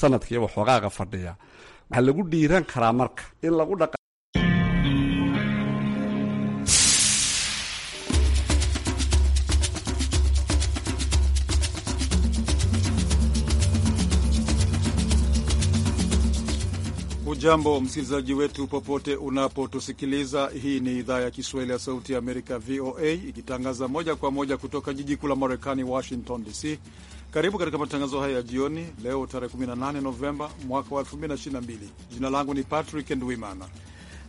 sanadkiiba xoogaaga fadhiya waxaa lagu dhiiran karaa marka in lagu dha Jambo msikilizaji wetu popote unapotusikiliza. Hii ni idhaa ya Kiswahili ya Sauti ya Amerika, VOA, ikitangaza moja kwa moja kutoka jiji kuu la Marekani, Washington DC. Karibu katika matangazo haya ya jioni leo tarehe 18 Novemba mwaka wa 2022. Jina langu ni Patrick Ndwimana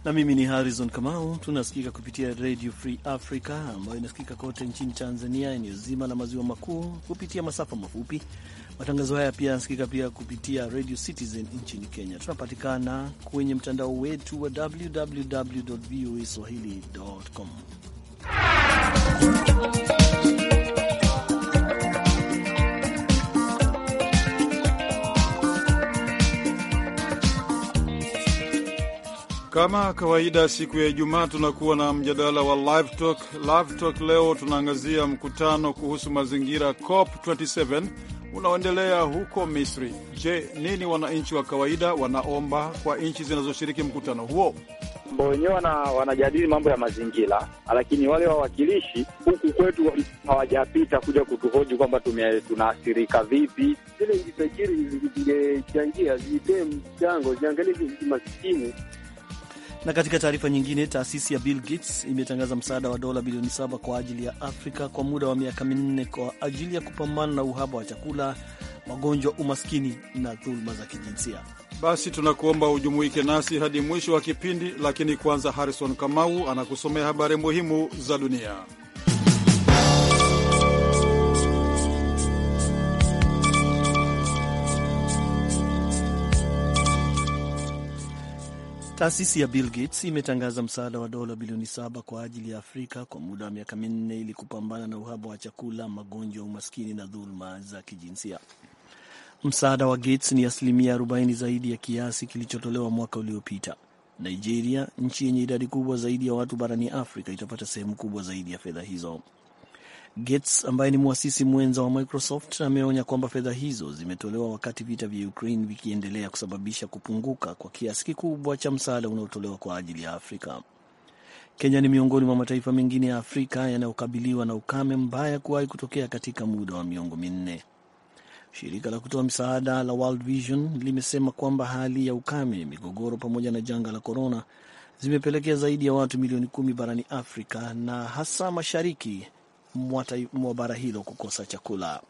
na mimi ni Harrison Kamau. Tunasikika kupitia Radio Free Africa ambayo inasikika kote nchini Tanzania, eneo zima la maziwa makuu kupitia masafa mafupi. Matangazo haya pia yanasikika pia kupitia Radio Citizen nchini Kenya. Tunapatikana kwenye mtandao wetu wa www voa swahili.com Kama kawaida siku ya Ijumaa tunakuwa na mjadala wa live talk. Live talk leo tunaangazia mkutano kuhusu mazingira COP 27 unaoendelea huko Misri. Je, nini wananchi wa kawaida wanaomba kwa nchi zinazoshiriki mkutano huo? Wenyewe wanajadili mambo ya mazingira, lakini wale wawakilishi huku kwetu hawajapita kuja kutuhoji kwamba tunaathirika vipi. Zile nchi tajiri zingechangia, zitee mchango, ziangalie nchi masikini na katika taarifa nyingine, taasisi ya Bill Gates imetangaza msaada wa dola bilioni saba kwa ajili ya Afrika kwa muda wa miaka minne kwa ajili ya kupambana na uhaba wa chakula, magonjwa, umaskini na dhuluma za kijinsia. Basi tunakuomba ujumuike nasi hadi mwisho wa kipindi, lakini kwanza, Harrison Kamau anakusomea habari muhimu za dunia. Taasisi ya Bill Gates imetangaza msaada wa dola bilioni saba kwa ajili ya Afrika kwa muda wa miaka minne ili kupambana na uhaba wa chakula, magonjwa, umaskini na dhuluma za kijinsia. Msaada wa Gates ni asilimia 40 zaidi ya kiasi kilichotolewa mwaka uliopita. Nigeria, nchi yenye idadi kubwa zaidi ya watu barani Afrika, itapata sehemu kubwa zaidi ya fedha hizo. Gates ambaye ni mwasisi mwenza wa Microsoft ameonya kwamba fedha hizo zimetolewa wakati vita vya Ukraine vikiendelea kusababisha kupunguka kwa kiasi kikubwa cha msaada unaotolewa kwa ajili ya Afrika. Kenya ni miongoni mwa mataifa mengine ya Afrika yanayokabiliwa na ukame mbaya kuwahi kutokea katika muda wa miongo minne. Shirika la kutoa msaada la World Vision limesema kwamba hali ya ukame, migogoro, pamoja na janga la korona zimepelekea zaidi ya watu milioni kumi barani Afrika na hasa mashariki mwa bara hilo kukosa chakula.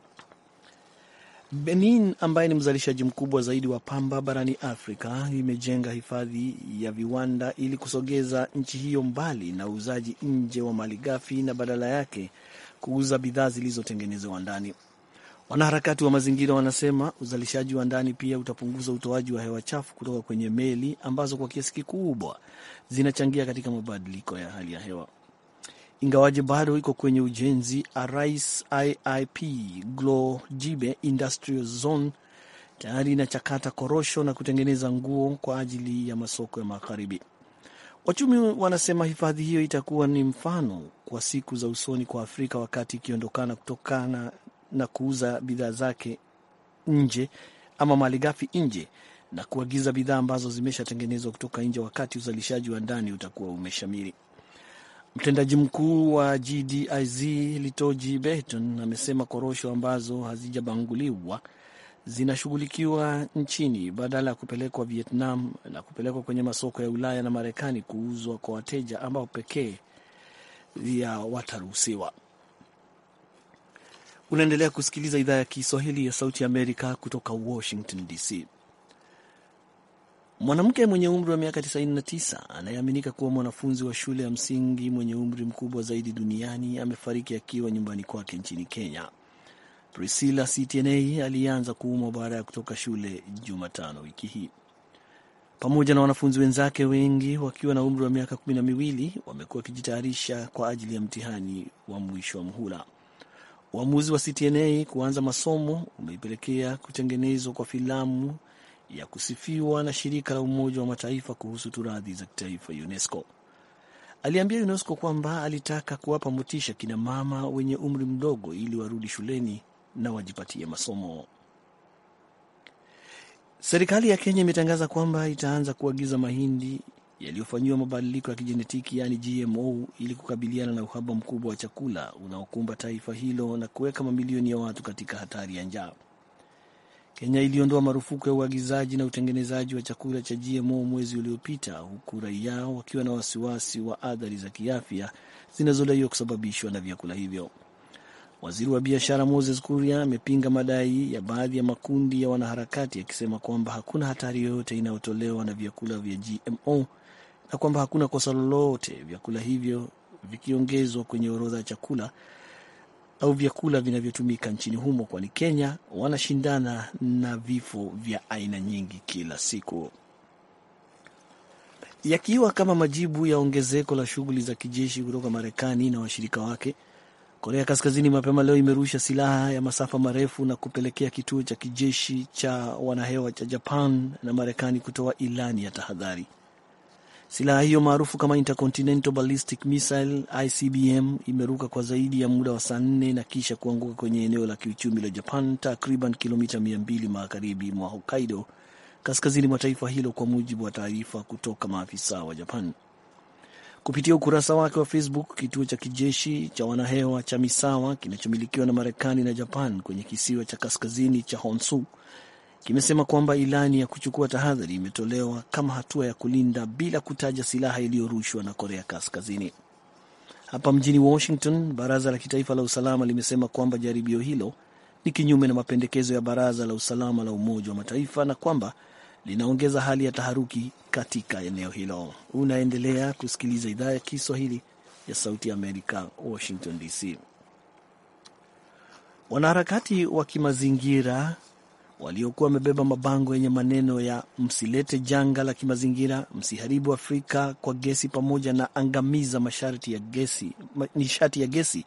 Benin ambaye ni mzalishaji mkubwa zaidi wa pamba barani Afrika imejenga hifadhi ya viwanda ili kusogeza nchi hiyo mbali na uuzaji nje wa malighafi na badala yake kuuza bidhaa zilizotengenezewa ndani. Wanaharakati wa mazingira wanasema uzalishaji wa ndani pia utapunguza utoaji wa hewa chafu kutoka kwenye meli ambazo kwa kiasi kikubwa zinachangia katika mabadiliko ya hali ya hewa ingawaje bado iko kwenye ujenzi. Arais IIP Glojibe Industrial Zone tayari inachakata korosho na kutengeneza nguo kwa ajili ya masoko ya magharibi. Wachumi wanasema hifadhi hiyo itakuwa ni mfano kwa siku za usoni kwa Afrika wakati ikiondokana kutokana na kuuza bidhaa zake nje ama malighafi nje na kuagiza bidhaa ambazo zimeshatengenezwa kutoka nje, wakati uzalishaji wa ndani utakuwa umeshamiri. Mtendaji mkuu wa GDIZ Litoji Beton amesema korosho ambazo hazijabanguliwa zinashughulikiwa nchini badala ya kupelekwa Vietnam na kupelekwa kwenye masoko ya Ulaya na Marekani kuuzwa kwa wateja ambao pekee ya wataruhusiwa. Unaendelea kusikiliza idhaa ya Kiswahili ya Sauti ya Amerika kutoka Washington DC. Mwanamke mwenye umri wa miaka 99 anayeaminika kuwa mwanafunzi wa shule ya msingi mwenye umri mkubwa zaidi duniani amefariki akiwa nyumbani kwake nchini Kenya. Priscilla Ctna alianza kuumwa baada ya kutoka shule Jumatano wiki hii. Pamoja na wanafunzi wenzake wengi wakiwa na umri wa miaka kumi na miwili wamekuwa wakijitayarisha kwa ajili ya mtihani wa mwisho wa muhula. Uamuzi wa Ctna kuanza masomo umeipelekea kutengenezwa kwa filamu ya kusifiwa na shirika la Umoja wa Mataifa kuhusu turathi za kitaifa UNESCO. Aliambia UNESCO kwamba alitaka kuwapa motisha kina mama wenye umri mdogo ili warudi shuleni na wajipatie masomo. Serikali ya Kenya imetangaza kwamba itaanza kuagiza mahindi yaliyofanyiwa mabadiliko ya kijenetiki yaani GMO ili kukabiliana na uhaba mkubwa wa chakula unaokumba taifa hilo na kuweka mamilioni ya watu katika hatari ya njaa. Kenya iliondoa marufuku ya uagizaji na utengenezaji wa chakula cha GMO mwezi uliopita, huku raia wakiwa na wasiwasi wa athari za kiafya zinazodaiwa kusababishwa na vyakula hivyo. Waziri wa biashara Moses Kuria amepinga madai ya baadhi ya makundi ya wanaharakati akisema kwamba hakuna hatari yoyote inayotolewa na vyakula vya GMO na kwamba hakuna kosa lolote vyakula hivyo vikiongezwa kwenye orodha ya chakula au vyakula vinavyotumika nchini humo, kwani Kenya wanashindana na vifo vya aina nyingi kila siku. Yakiwa kama majibu ya ongezeko la shughuli za kijeshi kutoka Marekani na washirika wake, Korea Kaskazini mapema leo imerusha silaha ya masafa marefu na kupelekea kituo cha kijeshi cha wanahewa cha Japan na Marekani kutoa ilani ya tahadhari. Silaha hiyo maarufu kama Intercontinental Ballistic Missile ICBM imeruka kwa zaidi ya muda wa saa nne na kisha kuanguka kwenye eneo la kiuchumi la Japan takriban kilomita 200 magharibi mwa Hokkaido, kaskazini mwa taifa hilo, kwa mujibu wa taarifa kutoka maafisa wa Japan. Kupitia ukurasa wake wa Facebook, kituo cha kijeshi cha wanahewa cha Misawa kinachomilikiwa na Marekani na Japan kwenye kisiwa cha kaskazini cha Honshu kimesema kwamba ilani ya kuchukua tahadhari imetolewa kama hatua ya kulinda bila kutaja silaha iliyorushwa na Korea Kaskazini. Hapa mjini Washington, baraza la kitaifa la usalama limesema kwamba jaribio hilo ni kinyume na mapendekezo ya baraza la usalama la Umoja wa Mataifa na kwamba linaongeza hali ya taharuki katika eneo hilo. Unaendelea kusikiliza idhaa ya Kiswahili ya Sauti ya Amerika, Washington DC. Wanaharakati wa kimazingira waliokuwa wamebeba mabango yenye maneno ya msilete janga la kimazingira, msiharibu Afrika kwa gesi, pamoja na angamiza masharti ya gesi, nishati ya gesi.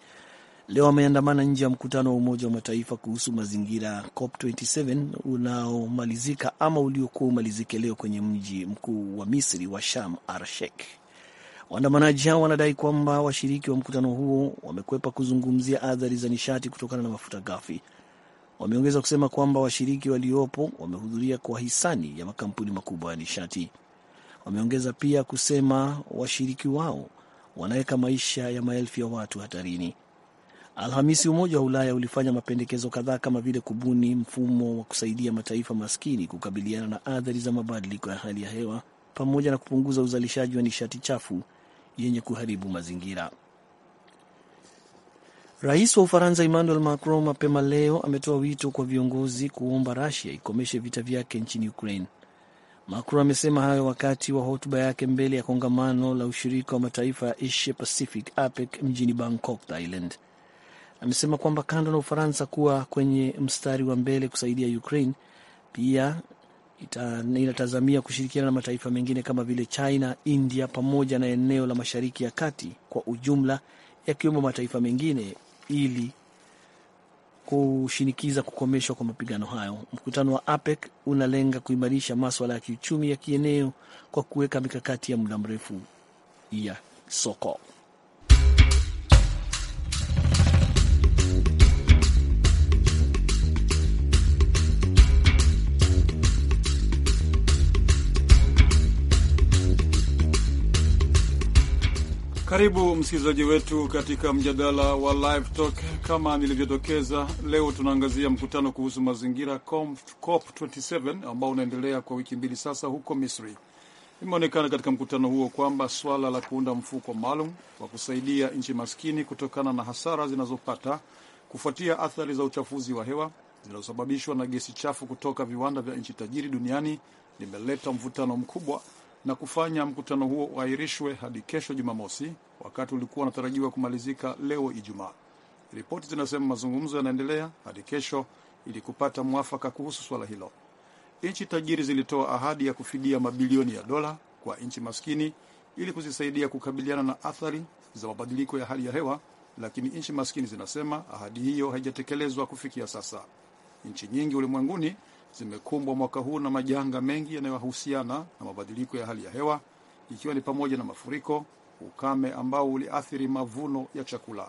Leo wameandamana nje ya mkutano wa Umoja wa Mataifa kuhusu mazingira COP27 unaomalizika ama uliokuwa umalizike leo kwenye mji mkuu wa Misri wa Sham El Waandamanaji hao wanadai kwamba washiriki wa mkutano huo wamekwepa kuzungumzia athari za nishati kutokana na mafuta ghafi Wameongeza kusema kwamba washiriki waliopo wamehudhuria kwa hisani ya makampuni makubwa ya nishati. Wameongeza pia kusema washiriki wao wanaweka maisha ya maelfu ya watu hatarini. Alhamisi, Umoja wa Ulaya ulifanya mapendekezo kadhaa kama vile kubuni mfumo wa kusaidia mataifa maskini kukabiliana na athari za mabadiliko ya hali ya hewa pamoja na kupunguza uzalishaji wa nishati chafu yenye kuharibu mazingira. Rais wa Ufaransa Emmanuel Macron mapema leo ametoa wito kwa viongozi kuomba rasia ikomeshe vita vyake nchini Ukraine. Macron amesema hayo wakati wa hotuba yake mbele ya kongamano la ushirika wa mataifa ya Asia Pacific APEC mjini Bangkok, Thailand. Amesema kwamba kando na Ufaransa kuwa kwenye mstari wa mbele kusaidia Ukraine, pia ita, inatazamia kushirikiana na mataifa mengine kama vile China, India pamoja na eneo la Mashariki ya Kati kwa ujumla, yakiwemo mataifa mengine ili kushinikiza kukomeshwa kwa mapigano hayo. Mkutano wa APEC unalenga kuimarisha maswala ya kiuchumi ya kieneo kwa kuweka mikakati ya muda mrefu ya soko. Karibu msikilizaji wetu katika mjadala wa Live Talk. Kama nilivyotokeza leo tunaangazia mkutano kuhusu mazingira COP27 ambao unaendelea kwa wiki mbili sasa huko Misri. Imeonekana katika mkutano huo kwamba swala la kuunda mfuko maalum wa kusaidia nchi maskini kutokana na hasara zinazopata kufuatia athari za uchafuzi wa hewa zinazosababishwa na gesi chafu kutoka viwanda vya nchi tajiri duniani limeleta mvutano mkubwa na kufanya mkutano huo uahirishwe hadi kesho Jumamosi, wakati ulikuwa unatarajiwa kumalizika leo Ijumaa. Ripoti zinasema mazungumzo yanaendelea hadi kesho ili kupata mwafaka kuhusu swala hilo. Nchi tajiri zilitoa ahadi ya kufidia mabilioni ya dola kwa nchi maskini ili kuzisaidia kukabiliana na athari za mabadiliko ya hali ya hewa, lakini nchi maskini zinasema ahadi hiyo haijatekelezwa kufikia sasa. Nchi nyingi ulimwenguni zimekumbwa mwaka huu na majanga mengi yanayohusiana na mabadiliko ya hali ya hewa ikiwa ni pamoja na mafuriko, ukame ambao uliathiri mavuno ya chakula.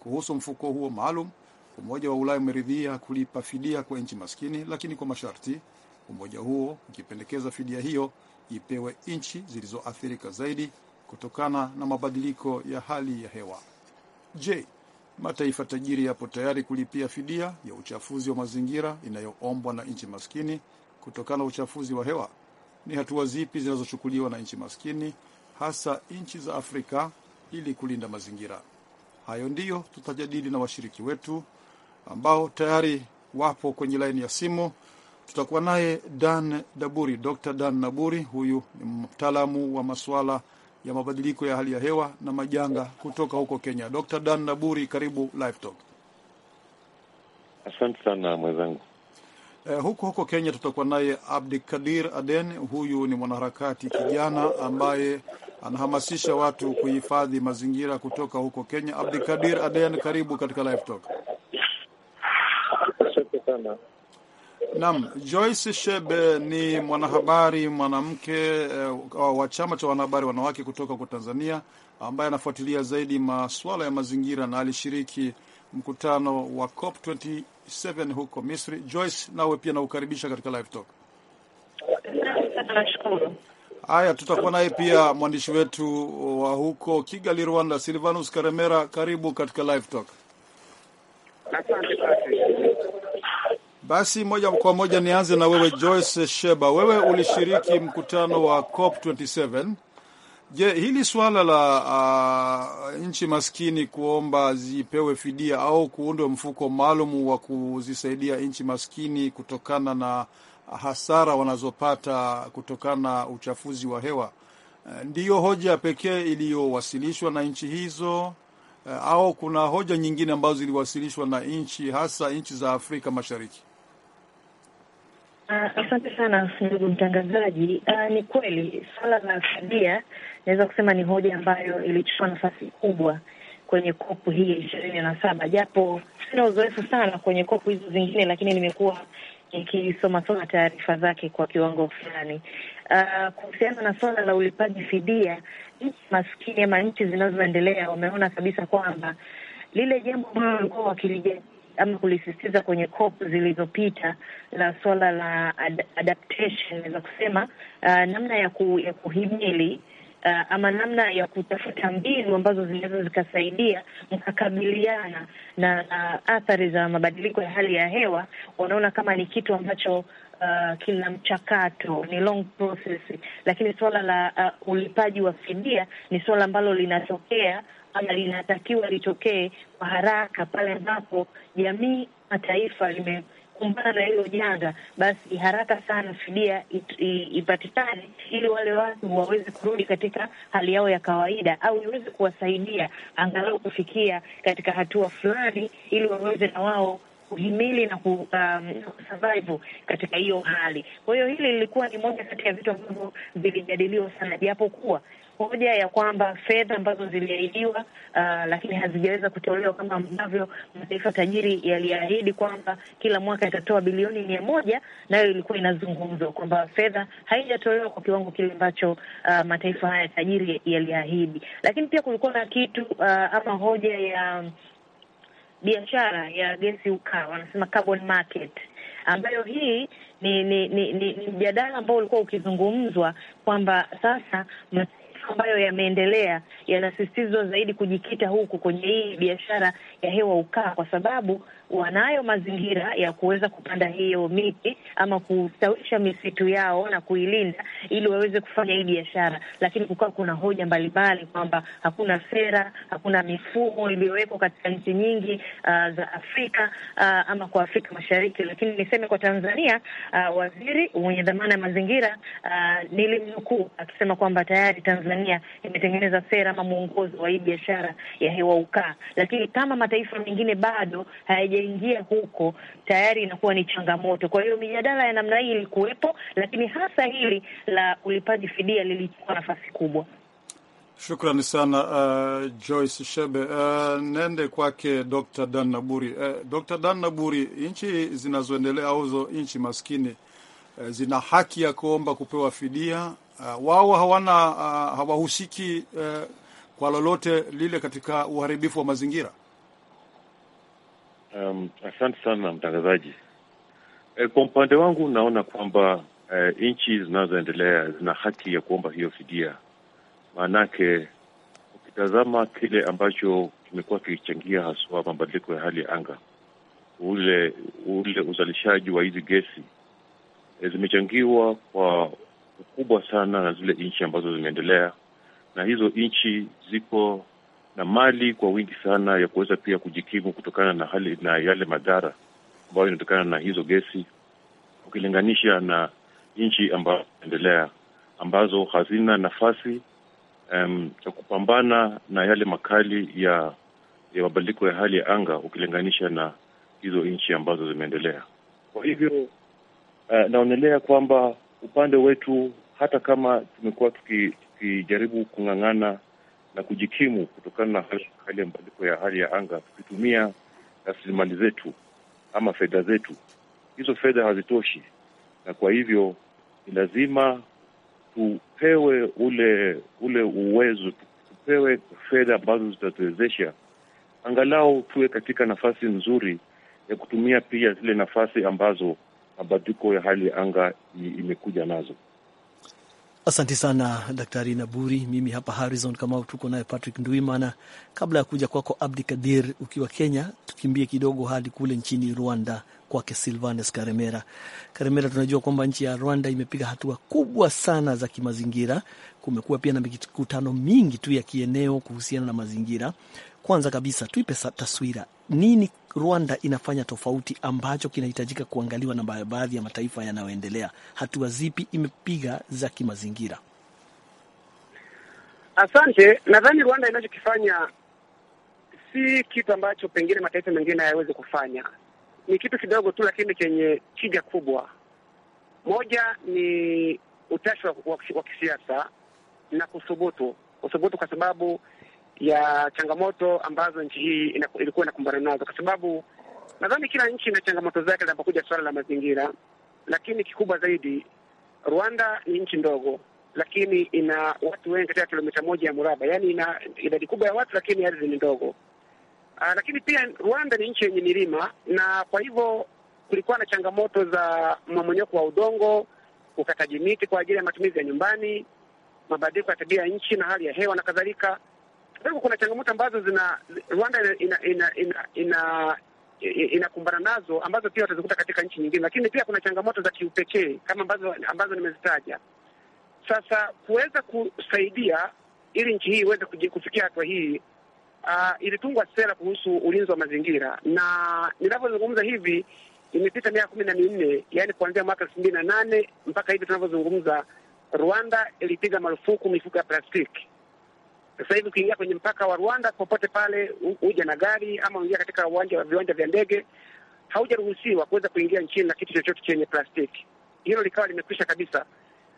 Kuhusu mfuko huo maalum, Umoja wa Ulaya umeridhia kulipa fidia kwa nchi maskini, lakini kwa masharti, umoja huo ukipendekeza fidia hiyo ipewe nchi zilizoathirika zaidi kutokana na mabadiliko ya hali ya hewa. Je, Mataifa tajiri yapo tayari kulipia fidia ya uchafuzi wa mazingira inayoombwa na nchi maskini kutokana na uchafuzi wa hewa. Ni hatua zipi zinazochukuliwa na nchi maskini, hasa nchi za Afrika, ili kulinda mazingira? Hayo ndiyo tutajadili na washiriki wetu ambao tayari wapo kwenye laini ya simu. Tutakuwa naye Dan Daburi, Dr Dan Naburi. Huyu ni mtaalamu wa masuala ya mabadiliko ya hali ya hewa na majanga kutoka huko Kenya. Dr. Dan Naburi, karibu Live Talk. Asante sana mwenzangu. Eh, huko huko Kenya tutakuwa naye Abdikadir Aden. Huyu ni mwanaharakati kijana ambaye anahamasisha watu kuhifadhi mazingira kutoka huko Kenya. Abdikadir Aden, karibu katika Live Talk. Asante sana. Naam, Joyce Shebe ni mwanahabari mwanamke uh, wa chama cha wanahabari wanawake kutoka kwa Tanzania ambaye anafuatilia zaidi masuala ya mazingira na alishiriki mkutano wa COP 27 huko Misri. Joyce, nawe pia naukaribisha katika live talk. Haya, tutakuwa naye pia mwandishi wetu wa huko Kigali, Rwanda, Silvanus Karemera. Karibu katika live talk. Asante. Basi moja kwa moja nianze na wewe Joyce Sheba, wewe ulishiriki mkutano wa COP 27. Je, hili suala la uh, nchi maskini kuomba zipewe fidia au kuundwe mfuko maalum wa kuzisaidia nchi maskini kutokana na hasara wanazopata kutokana na uchafuzi wa hewa uh, ndiyo hoja pekee iliyowasilishwa na nchi hizo uh, au kuna hoja nyingine ambazo ziliwasilishwa na nchi hasa nchi za Afrika Mashariki? Ah, asante sana ndugu mtangazaji. Uh, ni kweli suala la fidia naweza kusema ni hoja ambayo ilichukua nafasi kubwa kwenye kopu hii ya ishirini na saba, japo sina uzoefu sana kwenye kopu hizo zingine, lakini nimekuwa nikisomasoma taarifa zake kwa kiwango fulani. Uh, kuhusiana na suala la ulipaji fidia, nchi maskini ama nchi zinazoendelea wameona kabisa kwamba lile jambo ambalo walikuwa wakilijadili ama kulisisitiza kwenye COP zilizopita la swala la ad adaptation, naweza kusema uh, namna ya, ku, ya kuhimili Uh, ama namna ya kutafuta mbinu ambazo zinaweza zikasaidia mkakabiliana na uh, athari za mabadiliko ya hali ya hewa. Wanaona kama ni kitu ambacho uh, kina mchakato, ni long process, lakini suala la uh, ulipaji wa fidia ni suala ambalo linatokea na linatakiwa litokee kwa haraka pale ambapo jamii na taifa na hilo janga, basi haraka sana fidia ipatikane ili wale watu waweze kurudi katika hali yao ya kawaida, au iweze kuwasaidia angalau kufikia katika hatua fulani, ili waweze na wao kuhimili na ku, um, survive katika hiyo hali. Kwa hiyo hili lilikuwa ni moja kati ya vitu ambavyo vilijadiliwa sana, japokuwa hoja ya kwamba fedha ambazo ziliahidiwa, uh, lakini hazijaweza kutolewa kama ambavyo mataifa tajiri yaliahidi kwamba kila mwaka itatoa bilioni mia moja, nayo ilikuwa inazungumzwa kwamba fedha haijatolewa kwa kiwango kile ambacho uh, mataifa haya tajiri yaliahidi. Lakini pia kulikuwa na kitu uh, ama hoja ya biashara ya gesi ukaa, wanasema carbon market ambayo hii ni ni ni, ni, ni mjadala ambao ulikuwa ukizungumzwa kwamba sasa ambayo yameendelea yanasisitizwa zaidi kujikita huku kwenye hii biashara ya hewa ukaa, kwa sababu wanayo mazingira ya kuweza kupanda hiyo miti ama kustawisha misitu yao na kuilinda ili waweze kufanya hii biashara, lakini kukawa kuna hoja mbalimbali kwamba hakuna sera, hakuna mifumo iliyowekwa katika nchi nyingi uh, za Afrika uh, ama kwa Afrika Mashariki. Lakini niseme kwa Tanzania uh, waziri mwenye dhamana ya mazingira uh, nilimnukuu akisema kwamba tayari Tanzania imetengeneza sera ama mwongozo wa hii biashara ya hewa ukaa, lakini kama mataifa mengine bado hayaja haijaingia huko tayari inakuwa ni changamoto. Kwa hiyo mijadala ya namna hii ilikuwepo, lakini hasa hili la ulipaji fidia lilichukua nafasi kubwa. Shukrani sana uh, Joyce Shebe. Uh, nende kwake Dr. Dan Naburi. Uh, Dr. Dan Naburi, nchi zinazoendelea zo nchi maskini uh, zina haki ya kuomba kupewa fidia uh, wao hawana uh, hawahusiki uh, kwa lolote lile katika uharibifu wa mazingira Um, asante sana mtangazaji. E, kwa upande wangu naona kwamba e, eh, nchi zinazoendelea zina haki ya kuomba hiyo fidia, maanake ukitazama kile ambacho kimekuwa kikichangia haswa mabadiliko ya hali ya anga, ule ule uzalishaji wa hizi gesi e, zimechangiwa kwa ukubwa sana na zile nchi ambazo zimeendelea, na hizo nchi ziko na mali kwa wingi sana ya kuweza pia kujikimu kutokana na hali na yale madhara ambayo inatokana na hizo gesi, ukilinganisha na nchi ambazo zinaendelea ambazo hazina nafasi um, ya kupambana na yale makali ya ya mabadiliko ya hali ya anga ukilinganisha na hizo nchi ambazo zimeendelea. Kwa hivyo uh, naonelea kwamba upande wetu hata kama tumekuwa tukijaribu tuki kung'ang'ana na kujikimu kutokana na hali ya mabadiliko ya hali ya anga, tukitumia rasilimali zetu ama fedha zetu. Hizo fedha hazitoshi, na kwa hivyo ni lazima tupewe ule ule uwezo, tupewe fedha ambazo zitatuwezesha angalau tuwe katika nafasi nzuri ya kutumia pia zile nafasi ambazo mabadiliko ya hali ya anga imekuja nazo. Asante sana Daktari Naburi. Mimi hapa Harrison Kamau, tuko naye Patrick Ndwimana. Kabla ya kuja kwako Abdi Kadir ukiwa Kenya, tukimbie kidogo hadi kule nchini Rwanda kwake Silvanes Karemera. Karemera, tunajua kwamba nchi ya Rwanda imepiga hatua kubwa sana za kimazingira. Kumekuwa pia na mikutano mingi tu ya kieneo kuhusiana na mazingira. Kwanza kabisa tuipe taswira nini Rwanda inafanya tofauti ambacho kinahitajika kuangaliwa na baadhi ya mataifa yanayoendelea? Hatua zipi imepiga za kimazingira? Asante. Nadhani Rwanda inachokifanya si kitu ambacho pengine mataifa mengine hayawezi kufanya. Ni kitu kidogo tu, lakini chenye tija kubwa. Moja ni utashi wa kisiasa na kuthubutu, kuthubutu kwa sababu ya changamoto ambazo nchi hii ilikuwa inakumbana nazo, kwa sababu nadhani kila nchi ina changamoto zake linapokuja suala la mazingira, lakini kikubwa zaidi Rwanda ni nchi ndogo, lakini ina watu wengi katika kilomita moja ya mraba, yaani ina idadi kubwa ya watu, lakini ardhi ni ndogo. Aa, ah, lakini pia Rwanda ni nchi yenye milima, na kwa hivyo kulikuwa na changamoto za mmomonyoko wa udongo, ukataji miti kwa ajili ya matumizi ya nyumbani, mabadiliko ya tabia ya nchi na hali ya hewa na kadhalika. Kwa hivyo kuna changamoto ambazo zina Rwanda ina ina ina ina inakumbana nazo ambazo pia watazikuta katika nchi nyingine, lakini pia kuna changamoto za kiupekee kama ambazo ambazo nimezitaja. Sasa kuweza kusaidia ili nchi hii iweze kufikia hatua hii, uh, ilitungwa sera kuhusu ulinzi wa mazingira, na ninavyozungumza hivi imepita miaka kumi na minne, yaani kuanzia mwaka elfu mbili na nane mpaka hivi tunavyozungumza, Rwanda ilipiga marufuku mifuko ya plastiki sasa hivi ukiingia kwenye mpaka wa Rwanda popote pale, uja na gari ama uingia katika uwanja wa viwanja vya ndege, haujaruhusiwa kuweza kuingia nchini na kitu chochote chenye plastiki. Hilo likawa limekwisha kabisa.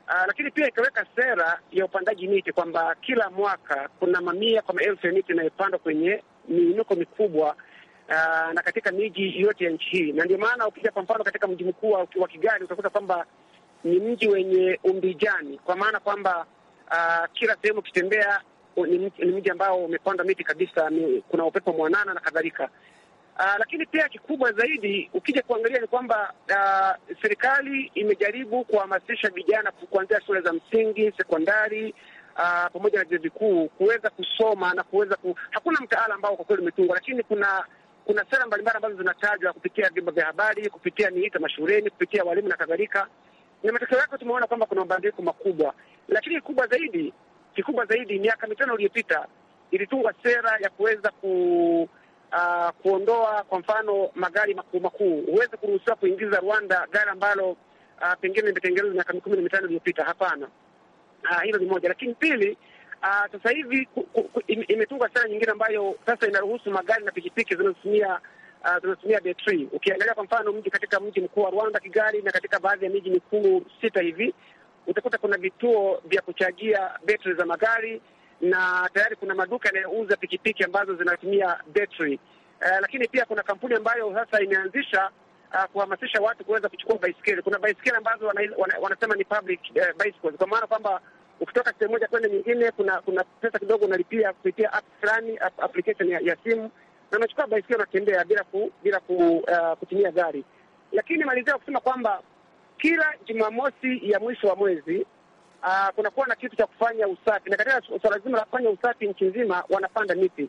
Aa, ah, lakini pia ikaweka sera ya upandaji miti kwamba kila mwaka kuna mamia kwa maelfu ya miti inayopandwa kwenye miinuko mikubwa aa, ah, na katika miji yote ya nchi hii, na ndio maana ukija kwa mfano katika mji mkuu wa Kigali utakuta kwamba ni mji wenye umbijani, kwa maana kwamba uh, kila sehemu ukitembea ni mji ambao umepandwa miti kabisa, ni kuna upepo mwanana na kadhalika. Uh, lakini pia kikubwa zaidi ukija kuangalia ni kwamba uh, serikali imejaribu kuhamasisha vijana kuanzia shule za msingi, sekondari uh, pamoja na vyuo vikuu kuweza kusoma na kuweza ku... hakuna mtaala ambao kwa kweli umetungwa, lakini kuna kuna sera mbalimbali ambazo zinatajwa kupitia vyombo vya habari, kupitia miito mashuleni, kupitia walimu na kadhalika, na matokeo yake tumeona kwamba kuna mabadiliko makubwa, lakini kubwa zaidi Kikubwa zaidi, miaka mitano iliyopita ilitungwa sera ya kuweza ku Uh, kuondoa kwa mfano magari makuu makuu, huwezi kuruhusiwa kuingiza Rwanda gari ambalo uh, pengine limetengenezwa miaka kumi na mitano iliyopita. Hapana, ah, hilo ni moja, lakini pili, uh, sasa hivi imetungwa sera nyingine ambayo sasa inaruhusu magari na pikipiki zinazotumia uh, zinazotumia betri. Ukiangalia kwa mfano mji katika mji mkuu wa Rwanda Kigali, na katika baadhi ya miji mikuu sita hivi utakuta kuna vituo vya kuchajia betri za magari na tayari kuna maduka yanayouza pikipiki ambazo zinatumia betri. Uh, eh, lakini pia kuna kampuni ambayo sasa imeanzisha uh, kuhamasisha watu kuweza kuchukua baiskeli. Kuna baiskeli ambazo wana, wana, wanasema ni public uh, bicycles, kwa maana kwamba ukitoka sehemu moja kwenda nyingine, kuna kuna pesa kidogo unalipia kupitia app fulani, application ya, ya simu na unachukua baiskeli unatembea bila ku, bila ku, uh, kutumia gari. Lakini malizia kusema kwamba kila Jumamosi ya mwisho wa mwezi uh, kunakuwa na kitu cha kufanya usafi, na katika swala zima la kufanya usafi nchi nzima wanapanda miti,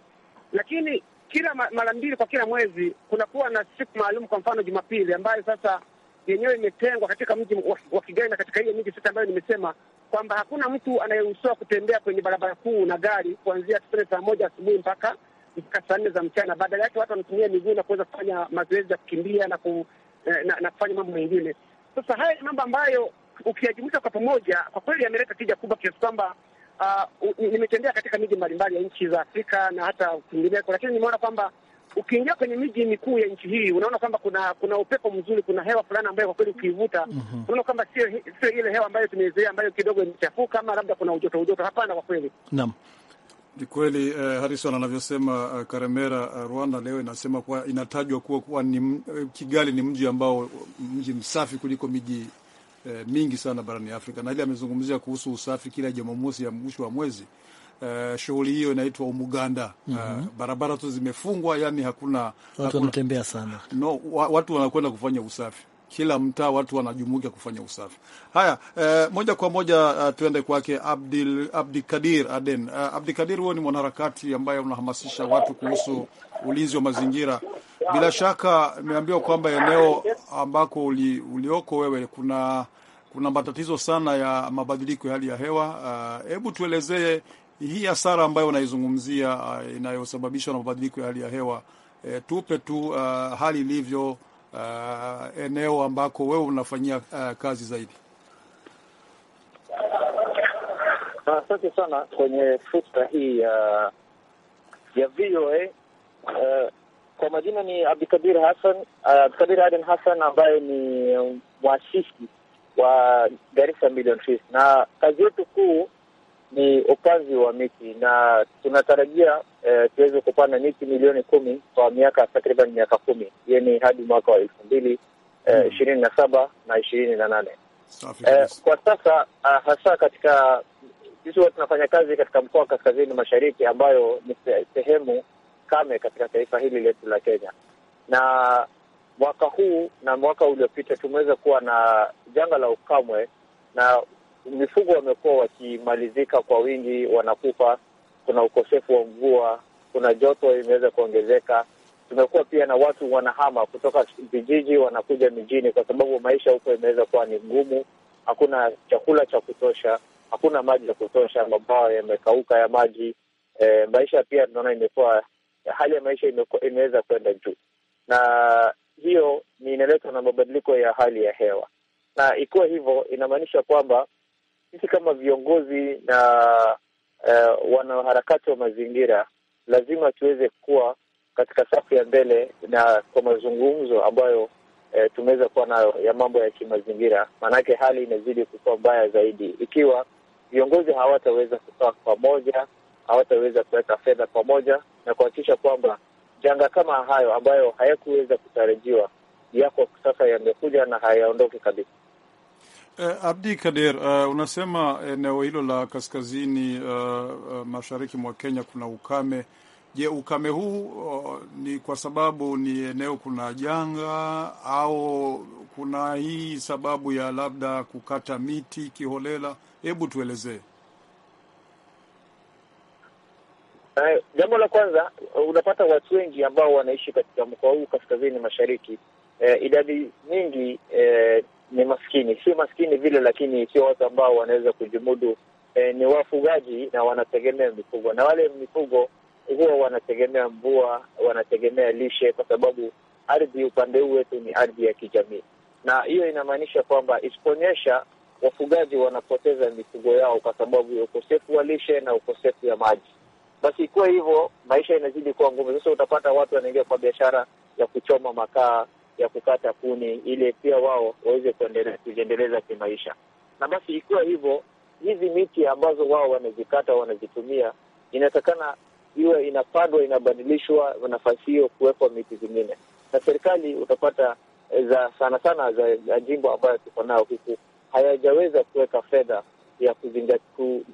lakini kila mara mbili kwa kila mwezi kunakuwa na siku maalum, kwa mfano Jumapili ambayo sasa yenyewe imetengwa katika mji wa Kigali na katika hiyo miji sita ambayo nimesema kwamba hakuna mtu anayeruhusiwa kutembea kwenye barabara kuu na gari kuanzia tuseme saa moja asubuhi mpaka mpaka saa nne za mchana. Badala yake watu wanatumia miguu na kuweza kufanya mazoezi ya kukimbia na, ku, na, eh, na, na kufanya mambo mengine. Sasa haya ni mambo ambayo ukiyajumuisha kwa pamoja, kwa kweli yameleta tija kubwa kiasi kwamba uh, nimetembea katika miji mbalimbali ya nchi za Afrika na hata kwingineko, lakini nimeona kwamba ukiingia kwenye miji mikuu ya nchi hii unaona kwamba kuna kuna upepo mzuri, kuna hewa fulani ambayo kwa kweli ukiivuta mm -hmm. unaona kwamba sio ile hewa ambayo tumezoea ambayo kidogo imechafuka ama labda kuna ujoto ujoto. Hapana, kwa kweli naam. Ni kweli eh, Harison anavyosema uh, Karemera uh, Rwanda leo inasema kuwa inatajwa kuwa, kuwa ni, eh, Kigali ni mji ambao mji msafi kuliko miji eh, mingi sana barani Afrika, na ile amezungumzia kuhusu usafi kila Jumamosi ya mwisho wa mwezi Uh, shughuli hiyo inaitwa umuganda. mm -hmm. Uh, barabara tu zimefungwa, yani hakuna watu wanatembea sana, no, watu wanakwenda kufanya usafi kila mtaa watu wanajumuika kufanya usafi. Haya, eh, moja kwa moja uh, tuende kwake Abdil Abdikadir Aden. Uh, Abdikadir, huo ni mwanaharakati ambaye unahamasisha watu kuhusu ulinzi wa mazingira. Bila shaka imeambiwa kwamba eneo ambako uli, ulioko wewe kuna kuna matatizo sana ya mabadiliko ya hali ya hewa. Eh, hebu uh, tuelezee hii hasara ambayo unaizungumzia uh, inayosababishwa na mabadiliko ya hali ya hewa. uh, tupe tu uh, hali ilivyo uh, eneo ambako wewe unafanyia uh, kazi zaidi? Asante sana kwenye fursa hii ya ya VOA. Uh, kwa majina ni Abdikadir Hassan, uh, Abdikadir Aden Hassan ambaye ni mwasisi wa Garissa Million Trees, na kazi yetu kuu ni upanzi wa miti na tunatarajia eh, tuweze kupanda miti milioni kumi kwa miaka takriban miaka kumi yani hadi mwaka wa elfu mbili eh, hmm. ishirini eh, na saba na ishirini na nane eh, kwa sasa ah, hasa katika sisi huwa tunafanya kazi katika mkoa wa kaskazini mashariki ambayo ni sehemu kame katika taifa hili letu la Kenya na mwaka huu na mwaka uliopita tumeweza kuwa na janga la ukamwe na mifugo wamekuwa wakimalizika kwa wingi, wanakufa. Kuna ukosefu wa mvua, kuna joto imeweza kuongezeka. Tumekuwa pia na watu wanahama kutoka vijiji wanakuja mijini, kwa sababu maisha huko imeweza kuwa ni ngumu. Hakuna chakula cha kutosha, hakuna maji ya kutosha, mabao yamekauka ya maji. E, maisha pia tunaona imekuwa, hali ya maisha imeweza kwenda juu, na hiyo ni inaletwa na mabadiliko ya hali ya hewa, na ikiwa hivyo inamaanisha kwamba sisi kama viongozi na uh, wanaharakati wa mazingira lazima tuweze kuwa katika safu ya mbele na kwa mazungumzo ambayo uh, tumeweza kuwa nayo ya mambo ya kimazingira, maanake hali inazidi kukuwa mbaya zaidi ikiwa viongozi hawataweza kukaa pamoja, hawataweza kuweka fedha pamoja na kuhakikisha kwamba janga kama hayo ambayo hayakuweza kutarajiwa yako sasa yamekuja na hayaondoke kabisa. Eh, Abdi Kader, uh, unasema eneo hilo la kaskazini uh, uh, mashariki mwa Kenya kuna ukame. Je, ukame huu uh, ni kwa sababu ni eneo kuna janga au kuna hii sababu ya labda kukata miti kiholela? Hebu tuelezee. jambo la kwanza unapata watu wengi ambao wanaishi katika mkoa huu kaskazini mashariki, uh, idadi nyingi uh, ni maskini, si maskini vile, lakini sio watu ambao wanaweza kujimudu. E, ni wafugaji na wanategemea mifugo, na wale mifugo huwa wanategemea mvua, wanategemea lishe, kwa sababu ardhi upande huu wetu ni ardhi ya kijamii, na hiyo inamaanisha kwamba isiponyesha wafugaji wanapoteza mifugo yao kwa sababu ya ukosefu wa lishe na ukosefu ya maji. Basi ikiwa hivyo, maisha inazidi kuwa ngumu. Sasa utapata watu wanaingia kwa biashara ya kuchoma makaa, ya kukata kuni, ili pia wao waweze kujiendeleza kimaisha. Na basi ikiwa hivyo, hizi miti ambazo wao wanazikata wanazitumia, inatakana iwe inapandwa, inabadilishwa nafasi hiyo kuwekwa miti zingine, na serikali utapata eh, za sana sana za, za jimbo ambayo tuko nao huku hayajaweza kuweka fedha ya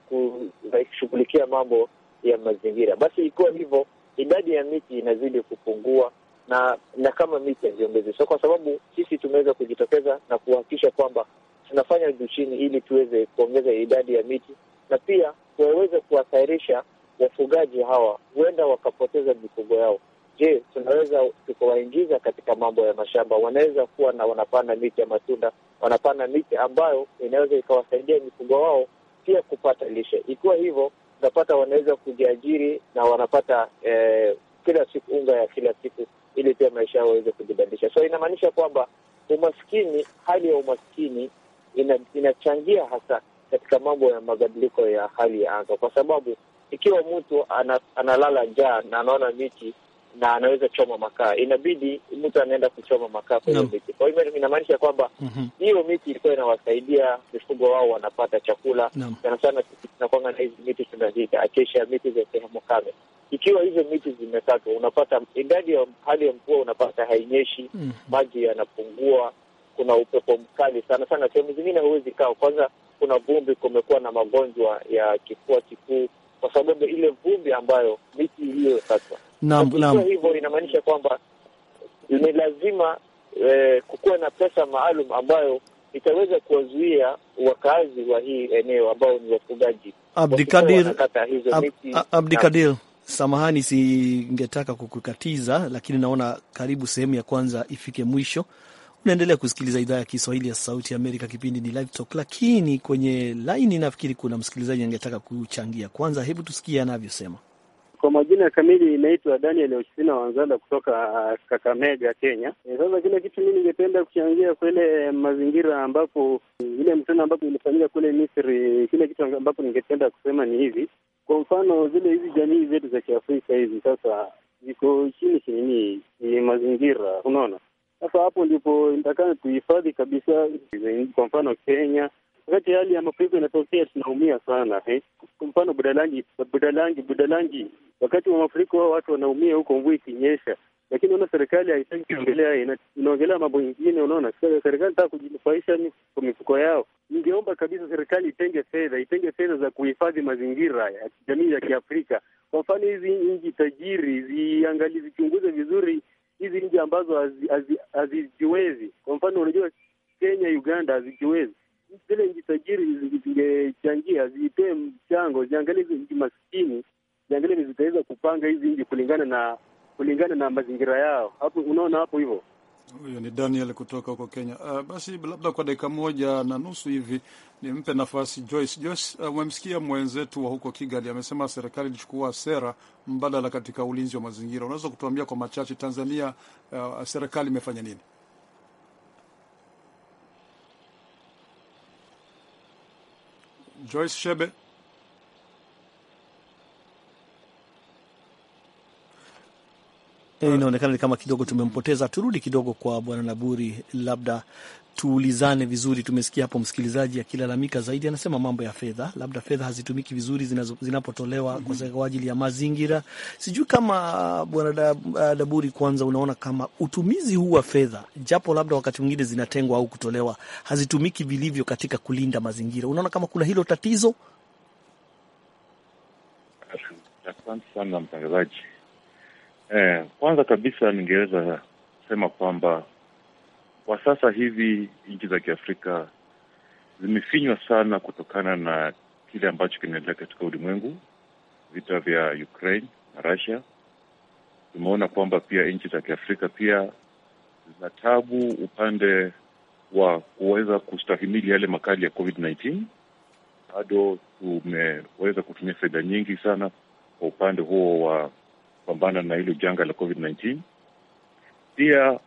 kushughulikia mambo ya mazingira. Basi ikiwa hivyo, idadi ya miti inazidi kupungua na na kama miti ya viongozi. So kwa sababu sisi tumeweza kujitokeza na kuhakikisha kwamba tunafanya juu chini ili tuweze kuongeza idadi ya miti na pia waweze kuwatairisha wafugaji hawa, huenda wakapoteza mifugo yao. Je, tunaweza tukawaingiza katika mambo ya mashamba? Wanaweza kuwa na wanapanda miti ya matunda, wanapanda miti ambayo inaweza ikawasaidia mifugo wao pia kupata lishe. Ikiwa hivyo, unapata wanaweza kujiajiri na wanapata eh, kila siku unga ya kila siku ili pia maisha yao yaweze kujibadilisha. So inamaanisha kwamba umaskini, hali ya umaskini ina, inachangia hasa katika mambo ya mabadiliko ya hali ya anga, kwa sababu ikiwa mtu analala njaa na anaona miti na anaweza choma makaa, inabidi mtu anaenda kuchoma makaa kwenye no. miti. Kwa hivyo inamaanisha kwamba mhm. hiyo mm -hmm. miti ilikuwa inawasaidia mifugo wao, wanapata chakula no. sana sana tunakwanga na hizi miti tunaziita akesha, miti za sehemu kame. Ikiwa hizo miti zimekatwa, unapata idadi ya hali ya mvua unapata hainyeshi mm -hmm. maji yanapungua, kuna upepo mkali sana sana, sehemu zingine huwezi kaa, kwanza kuna vumbi, kumekuwa na magonjwa ya kifua kikuu kwa sababu ile vumbi ambayo miti iliyokatwa ikiwa hivyo inamaanisha kwamba ni lazima eh, kukuwa na pesa maalum ambayo itaweza kuwazuia wakazi wa hii eneo ambao ni wafugaji. Abdikadir, Ab, Abdikadir, samahani, singetaka kukukatiza, lakini naona karibu sehemu ya kwanza ifike mwisho. Unaendelea kusikiliza idhaa ya Kiswahili ya Sauti ya Amerika, kipindi ni Live Talk, lakini kwenye laini nafikiri kuna msikilizaji angetaka kuchangia. Kwanza hebu tusikie anavyosema. Kwa majina kamili inaitwa Daniel Ochina Wanzala kutoka uh, Kakamega, Kenya. E, sasa kile kitu mimi ningependa kuchangia kwa eh, mazingira ambapo ile mtano ambapo ilifanyika kule Misri, kile kitu ambapo ningependa kusema ni hivi, kwa mfano zile hizi jamii zetu za Kiafrika hizi sasa ziko chini chini ni mazingira, unaona sasa hapo ndipo nitakana kuhifadhi kabisa, kwa mfano Kenya wakati hali ya mafuriko inatokea tunaumia sana eh. Kwa mfano Budalangi, Budalangi, Budalangi, wakati wa mafuriko hao watu wanaumia huko, mvua ikinyesha. Lakini unaona serikali haitaki kuongelea, inaongelea mambo ingine. Unaona serikali inataka kujinufaisha kwa mifuko yao. Ningeomba kabisa serikali itenge fedha, itenge fedha za kuhifadhi mazingira ya jamii ya Kiafrika. Kwa mfano hizi nchi tajiri ziangalie, zichunguze vizuri hizi nchi ambazo hazijiwezi. Kwa mfano unajua Kenya, Uganda hazijiwezi zile nchi tajiri zingechangia, ziitee mchango, ziangalie nchi maskini, ziangalie zitaweza kupanga hizi nchi kulingana na kulingana na mazingira yao. Hapo unaona hapo hivyo. Huyo ni Daniel kutoka huko Kenya. Uh, basi labda kwa dakika moja na nusu hivi nimpe nafasi Joyce. Joyce, uh, umemsikia uh, mwenzetu wa huko Kigali amesema serikali ilichukua sera mbadala katika ulinzi wa mazingira. Unaweza kutuambia kwa machache Tanzania, uh, serikali imefanya nini? Joyce Shebbet Eh, inaonekana ni kama kidogo tumempoteza. Turudi kidogo kwa bwana Naburi, labda tuulizane vizuri. Tumesikia hapo msikilizaji akilalamika zaidi, anasema mambo ya fedha, labda fedha hazitumiki vizuri zinapotolewa mm -hmm. kwa ajili ya mazingira. Sijui kama uh, bwana uh, Daburi, kwanza unaona kama utumizi huu wa fedha, japo labda wakati mwingine zinatengwa au kutolewa, hazitumiki vilivyo katika kulinda mazingira, unaona kama kuna hilo tatizo? Asante sana mtangazaji. Eh, kwanza kabisa ningeweza sema kwamba kwa sasa hivi nchi za Kiafrika zimefinywa sana kutokana na kile ambacho kinaendelea katika ulimwengu, vita vya Ukraine na Russia. Tumeona kwamba pia nchi za Kiafrika pia zina tabu upande wa kuweza kustahimili yale makali ya COVID-19. Bado tumeweza kutumia fedha nyingi sana kwa upande huo wa kupambana na hilo janga la COVID-19. Pia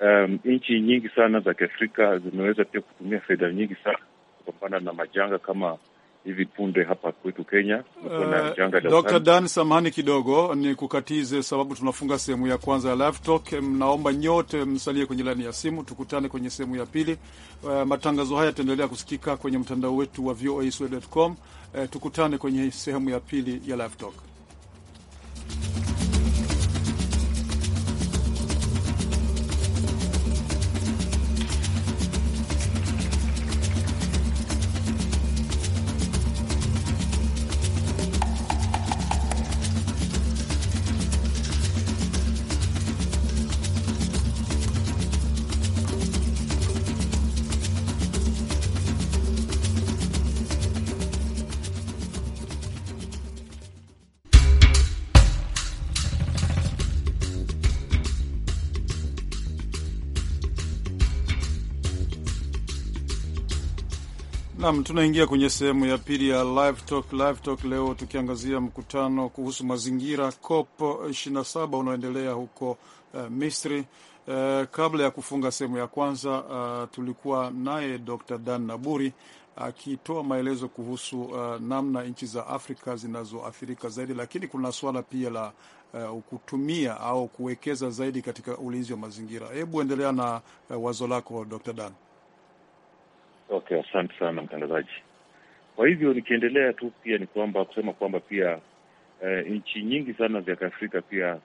um, nchi nyingi sana za Kiafrika zimeweza pia kutumia fedha nyingi sana kupambana na majanga kama hivi punde hapa kwetu Kenya. Uh, Dr. Dan, samahani kidogo ni kukatize, sababu tunafunga sehemu ya kwanza ya live talk. Mnaomba nyote msalie kwenye laini ya simu, tukutane kwenye sehemu ya pili. Uh, matangazo haya yataendelea kusikika kwenye mtandao wetu wa voaswahili.com. Uh, tukutane kwenye sehemu ya pili ya live talk. Nam, tunaingia kwenye sehemu ya pili ya Live Talk. Live Talk leo tukiangazia mkutano kuhusu mazingira COP 27 unaoendelea huko uh, Misri. Uh, kabla ya kufunga sehemu ya kwanza uh, tulikuwa naye Dr. Dan Naburi akitoa uh, maelezo kuhusu uh, namna nchi za Afrika zinazoathirika zaidi, lakini kuna suala pia la uh, kutumia au kuwekeza zaidi katika ulinzi wa mazingira. Hebu endelea na uh, wazo lako Dr. Dan. Okay, asante sana mtangazaji. Kwa hivyo nikiendelea tu pia ni kwamba kusema kwamba pia eh, nchi nyingi sana za Kiafrika pia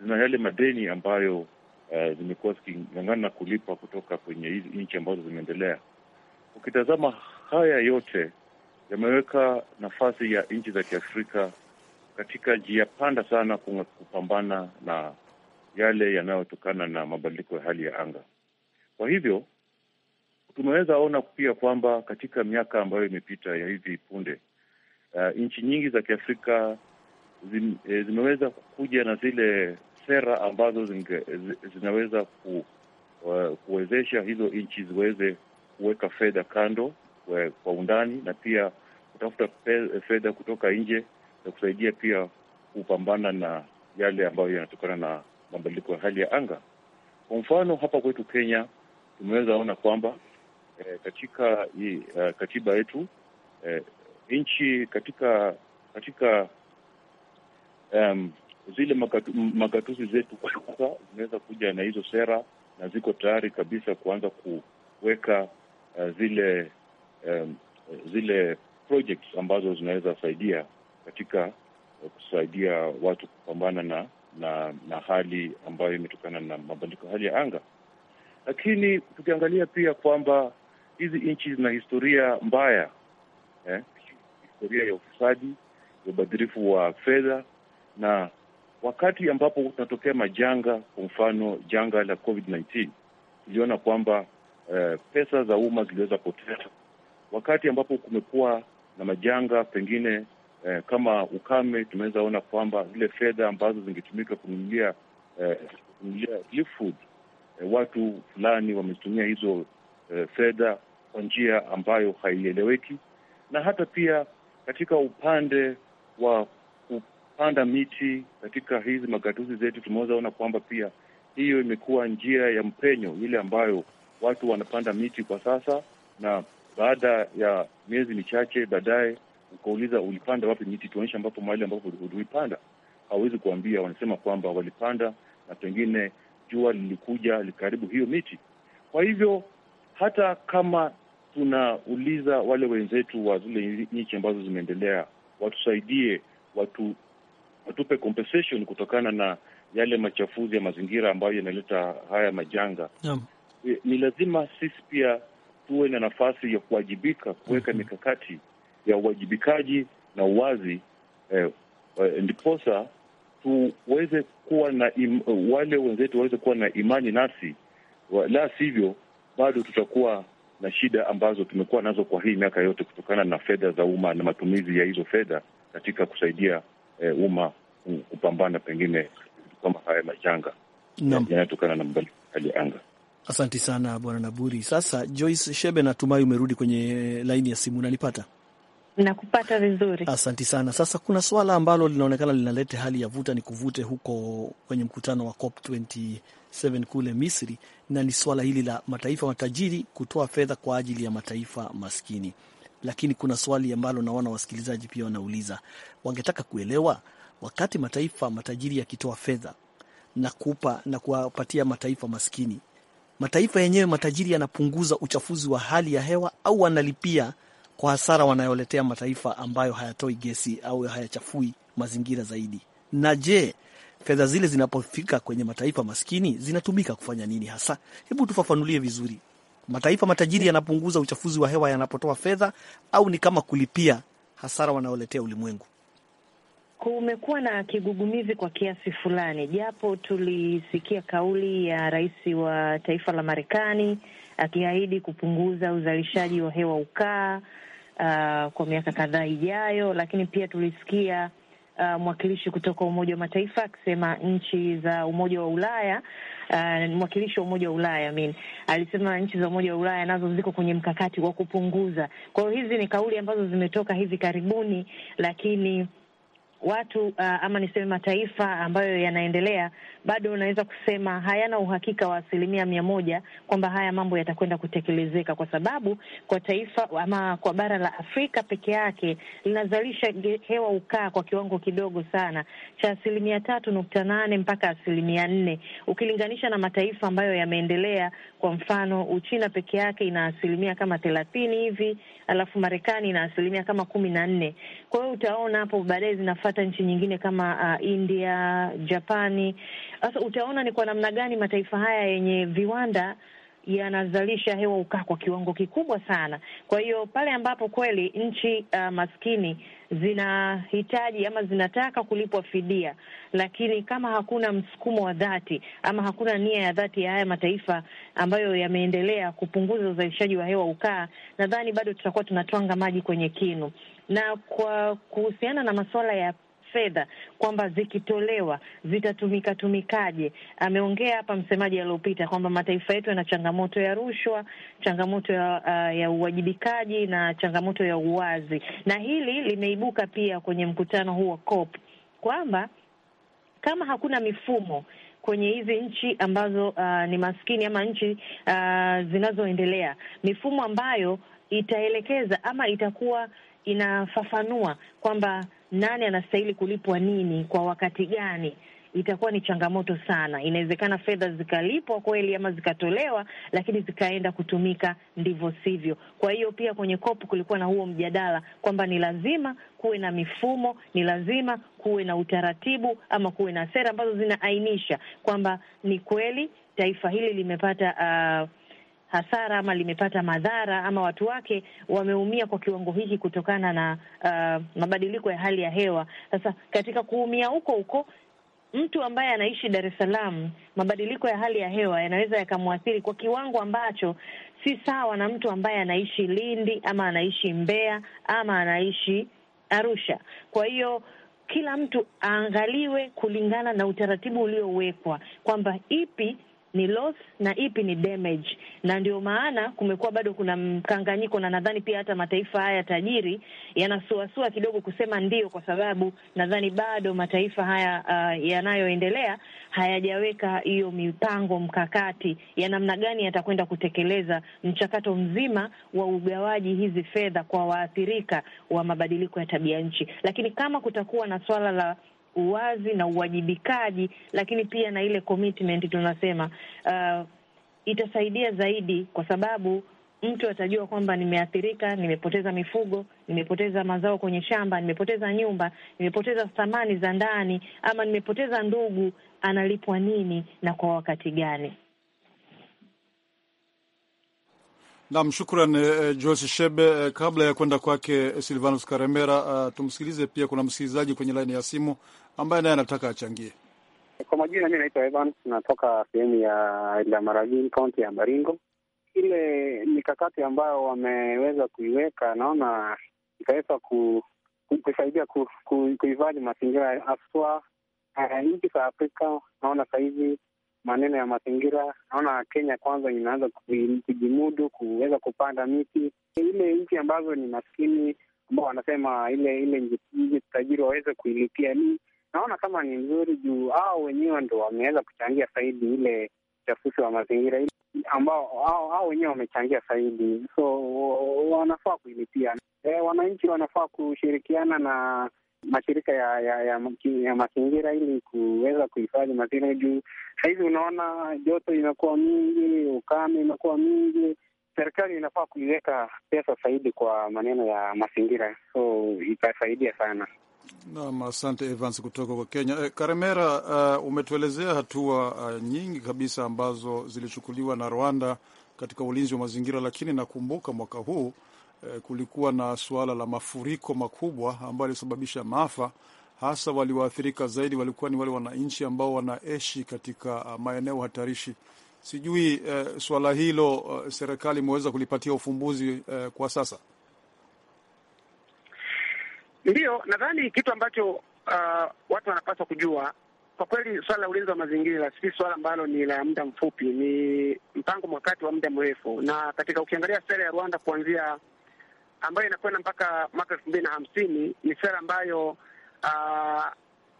zina yale madeni ambayo eh, zimekuwa ziking'ang'ana kulipa kutoka kwenye hizi nchi ambazo zimeendelea. Ukitazama haya yote yameweka nafasi ya nchi za Kiafrika katika njia panda sana kupambana na yale yanayotokana na mabadiliko ya hali ya anga. Kwa hivyo tumeweza ona pia kwamba katika miaka ambayo imepita ya hivi punde, uh, nchi nyingi za Kiafrika zim, e, zimeweza kuja na zile sera ambazo zinge, zinaweza ku, uh, kuwezesha hizo nchi ziweze kuweka fedha kando kwa, e, kwa undani na pia kutafuta fedha kutoka nje na kusaidia pia kupambana na yale ambayo yanatokana na mabadiliko ya hali ya anga. Kwa mfano hapa kwetu Kenya tumeweza ona kwamba eh, katika i, uh, katiba yetu eh, nchi katika katika um, zile makatu, magatuzi zetu kwa sasa zinaweza kuja na hizo sera na ziko tayari kabisa kuanza kuweka uh, zile um, zile projects ambazo zinaweza saidia katika uh, kusaidia watu kupambana na na na hali ambayo imetokana na mabadiliko hali ya anga, lakini tukiangalia pia kwamba hizi nchi zina historia mbaya eh, historia ya ufisadi, ya ubadhirifu wa fedha, na wakati ambapo kunatokea majanga, kwa mfano janga la COVID-19 tuliona kwamba eh, pesa za umma ziliweza potea. Wakati ambapo kumekuwa na majanga pengine eh, kama ukame, tumeweza ona kwamba zile fedha ambazo zingetumika kununulia eh, kununulia food eh, watu fulani wametumia hizo eh, fedha kwa njia ambayo haieleweki, na hata pia katika upande wa kupanda miti katika hizi magatuzi zetu, tumeweza ona kwamba pia hiyo imekuwa njia ya mpenyo ile ambayo watu wanapanda miti kwa sasa, na baada ya miezi michache baadaye ukauliza ulipanda wapi miti, tuonyesha ambapo mahali ambapo ulipanda, hawezi kuambia. Wanasema kwamba walipanda na pengine jua lilikuja likaribu hiyo miti. Kwa hivyo hata kama tunauliza wale wenzetu wa zile nchi ambazo zimeendelea watusaidie, watu watupe compensation kutokana na yale machafuzi ya mazingira ambayo yanaleta haya majanga yeah. Ni lazima sisi pia tuwe na nafasi ya kuwajibika, kuweka mm -hmm. mikakati ya uwajibikaji na uwazi eh, eh, ndiposa tuweze kuwa na im, wale wenzetu waweze kuwa na imani nasi, la sivyo bado tutakuwa na shida ambazo tumekuwa nazo kwa hii miaka yote kutokana na fedha za umma na matumizi ya hizo fedha katika kusaidia e, umma kupambana pengine kama haya majanga yanayotokana na mbali hali ya anga. Asanti sana Bwana Naburi. Sasa Joyce Shebe, natumai umerudi kwenye laini ya simu, unanipata? Nakupata vizuri, asanti sana. Sasa kuna swala ambalo linaonekana linaleta hali ya vuta ni kuvute huko kwenye mkutano wa COP 27 kule Misri, na ni swala hili la mataifa matajiri kutoa fedha kwa ajili ya mataifa maskini. Lakini kuna swali ambalo naona wasikilizaji pia wanauliza, wangetaka kuelewa, wakati mataifa matajiri yakitoa fedha na kupa na kuwapatia mataifa maskini, mataifa yenyewe matajiri yanapunguza uchafuzi wa hali ya hewa au analipia kwa hasara wanayoletea mataifa ambayo hayatoi gesi au hayachafui mazingira zaidi. Na je, fedha zile zinapofika kwenye mataifa maskini zinatumika kufanya nini hasa? Hebu tufafanulie vizuri. Mataifa matajiri yanapunguza uchafuzi wa hewa yanapotoa fedha, au ni kama kulipia hasara wanayoletea ulimwengu? Kumekuwa na kigugumizi kwa kiasi fulani, japo tulisikia kauli ya rais wa taifa la Marekani akiahidi kupunguza uzalishaji wa hewa ukaa uh, kwa miaka kadhaa ijayo. Lakini pia tulisikia uh, mwakilishi kutoka Umoja wa Mataifa akisema nchi za Umoja wa Ulaya uh, mwakilishi wa Umoja wa Ulaya I mean, alisema nchi za Umoja wa Ulaya nazo ziko kwenye mkakati wa kupunguza. Kwa hiyo hizi ni kauli ambazo zimetoka hivi karibuni, lakini watu uh, ama niseme mataifa ambayo yanaendelea bado unaweza kusema hayana uhakika wa asilimia mia moja kwamba haya mambo yatakwenda kutekelezeka, kwa sababu kwa taifa ama kwa bara la Afrika peke yake linazalisha hewa ukaa kwa kiwango kidogo sana cha asilimia tatu nukta nane mpaka asilimia nne ukilinganisha na mataifa ambayo yameendelea. Kwa mfano, Uchina peke yake ina asilimia kama thelathini hivi, alafu Marekani ina asilimia kama kumi na nne. Kwa hiyo utaona hapo baadaye zina utapata nchi nyingine kama uh, India, Japani. Sasa utaona ni kwa namna gani mataifa haya yenye viwanda yanazalisha hewa ukaa kwa kiwango kikubwa sana. Kwa hiyo pale ambapo kweli nchi uh, maskini zinahitaji ama zinataka kulipwa fidia, lakini kama hakuna msukumo wa dhati ama hakuna nia ya dhati ya haya mataifa ambayo yameendelea kupunguza uzalishaji wa hewa ukaa, nadhani bado tutakuwa tunatwanga maji kwenye kinu. Na kwa kuhusiana na masuala ya fedha kwamba zikitolewa zitatumika tumikaje. Ameongea hapa msemaji aliopita kwamba mataifa yetu yana changamoto ya rushwa, changamoto ya, uh, ya uwajibikaji na changamoto ya uwazi, na hili limeibuka pia kwenye mkutano huu wa COP kwamba kama hakuna mifumo kwenye hizi nchi ambazo uh, ni maskini ama nchi uh, zinazoendelea, mifumo ambayo itaelekeza ama itakuwa inafafanua kwamba nani anastahili kulipwa nini kwa wakati gani, itakuwa ni changamoto sana. Inawezekana fedha zikalipwa kweli ama zikatolewa, lakini zikaenda kutumika ndivyo sivyo. Kwa hiyo pia kwenye kopu kulikuwa na huo mjadala kwamba ni lazima kuwe na mifumo, ni lazima kuwe na utaratibu ama kuwe na sera ambazo zinaainisha kwamba ni kweli taifa hili limepata uh, hasara ama limepata madhara ama watu wake wameumia kwa kiwango hiki kutokana na uh, mabadiliko ya hali ya hewa. Sasa katika kuumia huko huko mtu ambaye anaishi Dar es Salaam, mabadiliko ya hali ya hewa yanaweza yakamwathiri kwa kiwango ambacho si sawa na mtu ambaye anaishi Lindi ama anaishi Mbeya ama anaishi Arusha. Kwa hiyo kila mtu aangaliwe kulingana na utaratibu uliowekwa kwamba ipi ni loss na ipi ni damage, na ndio maana kumekuwa bado kuna mkanganyiko, na nadhani pia hata mataifa haya tajiri yanasuasua kidogo kusema ndio, kwa sababu nadhani bado mataifa haya uh, yanayoendelea hayajaweka hiyo mipango mkakati ya namna gani yatakwenda kutekeleza mchakato mzima wa ugawaji hizi fedha kwa waathirika wa mabadiliko ya tabia nchi. Lakini kama kutakuwa na swala la uwazi na uwajibikaji, lakini pia na ile commitment tunasema, uh, itasaidia zaidi, kwa sababu mtu atajua kwamba nimeathirika, nimepoteza mifugo, nimepoteza mazao kwenye shamba, nimepoteza nyumba, nimepoteza thamani za ndani, ama nimepoteza ndugu, analipwa nini na kwa wakati gani? Nam, shukran eh, eh, Joyce Shebe. Eh, kabla ya kwenda kwake eh, Silvanus Karemera, uh, tumsikilize pia. Kuna msikilizaji kwenye laini ya simu ambaye naye anataka achangie. Kwa majina, mi naitwa Evans, natoka sehemu ya Ilamaravini, kaunti ya Baringo. Ile mikakati ambayo wameweza kuiweka, naona itaweza ku, ku, kusaidia kuhifadhi ku, mazingira haswa eh, nchi za Afrika. Naona sahizi maneno ya mazingira, naona Kenya kwanza inaanza kujimudu kuweza kupanda miti. Ile nchi ambazo ni maskini ambao wanasema ile ile nchi tajiri waweze kuilipia nii naona kama ni nzuri juu hao wenyewe ndo wameweza kuchangia zaidi ile uchafuzi wa mazingira ambao hao wenyewe wamechangia zaidi, so wanafaa kuilipia. E, wananchi wanafaa kushirikiana na mashirika ya ya, ya, ya mazingira ili kuweza kuhifadhi mazingira, juu sahizi unaona joto imekuwa mingi, ukame imekuwa mingi. Serikali inafaa kuiweka pesa zaidi kwa maneno ya mazingira, so itasaidia sana. Naam, asante Evans kutoka kwa Kenya. E, Karemera, uh, umetuelezea hatua uh, nyingi kabisa ambazo zilichukuliwa na Rwanda katika ulinzi wa mazingira, lakini nakumbuka mwaka huu e, kulikuwa na suala la mafuriko makubwa ambayo alisababisha maafa. Hasa walioathirika zaidi walikuwa ni wale wananchi ambao wanaishi katika maeneo hatarishi. Sijui eh, suala hilo e, serikali imeweza kulipatia ufumbuzi eh, kwa sasa? Ndiyo, nadhani kitu ambacho uh, watu wanapaswa kujua kwa kweli, swala la ulinzi wa mazingira si swala ambalo ni la muda mfupi, ni mpango mwakati wa muda mrefu, na katika ukiangalia sera ya Rwanda kuanzia ambayo inakwenda mpaka mwaka elfu mbili na hamsini ni sera ambayo uh,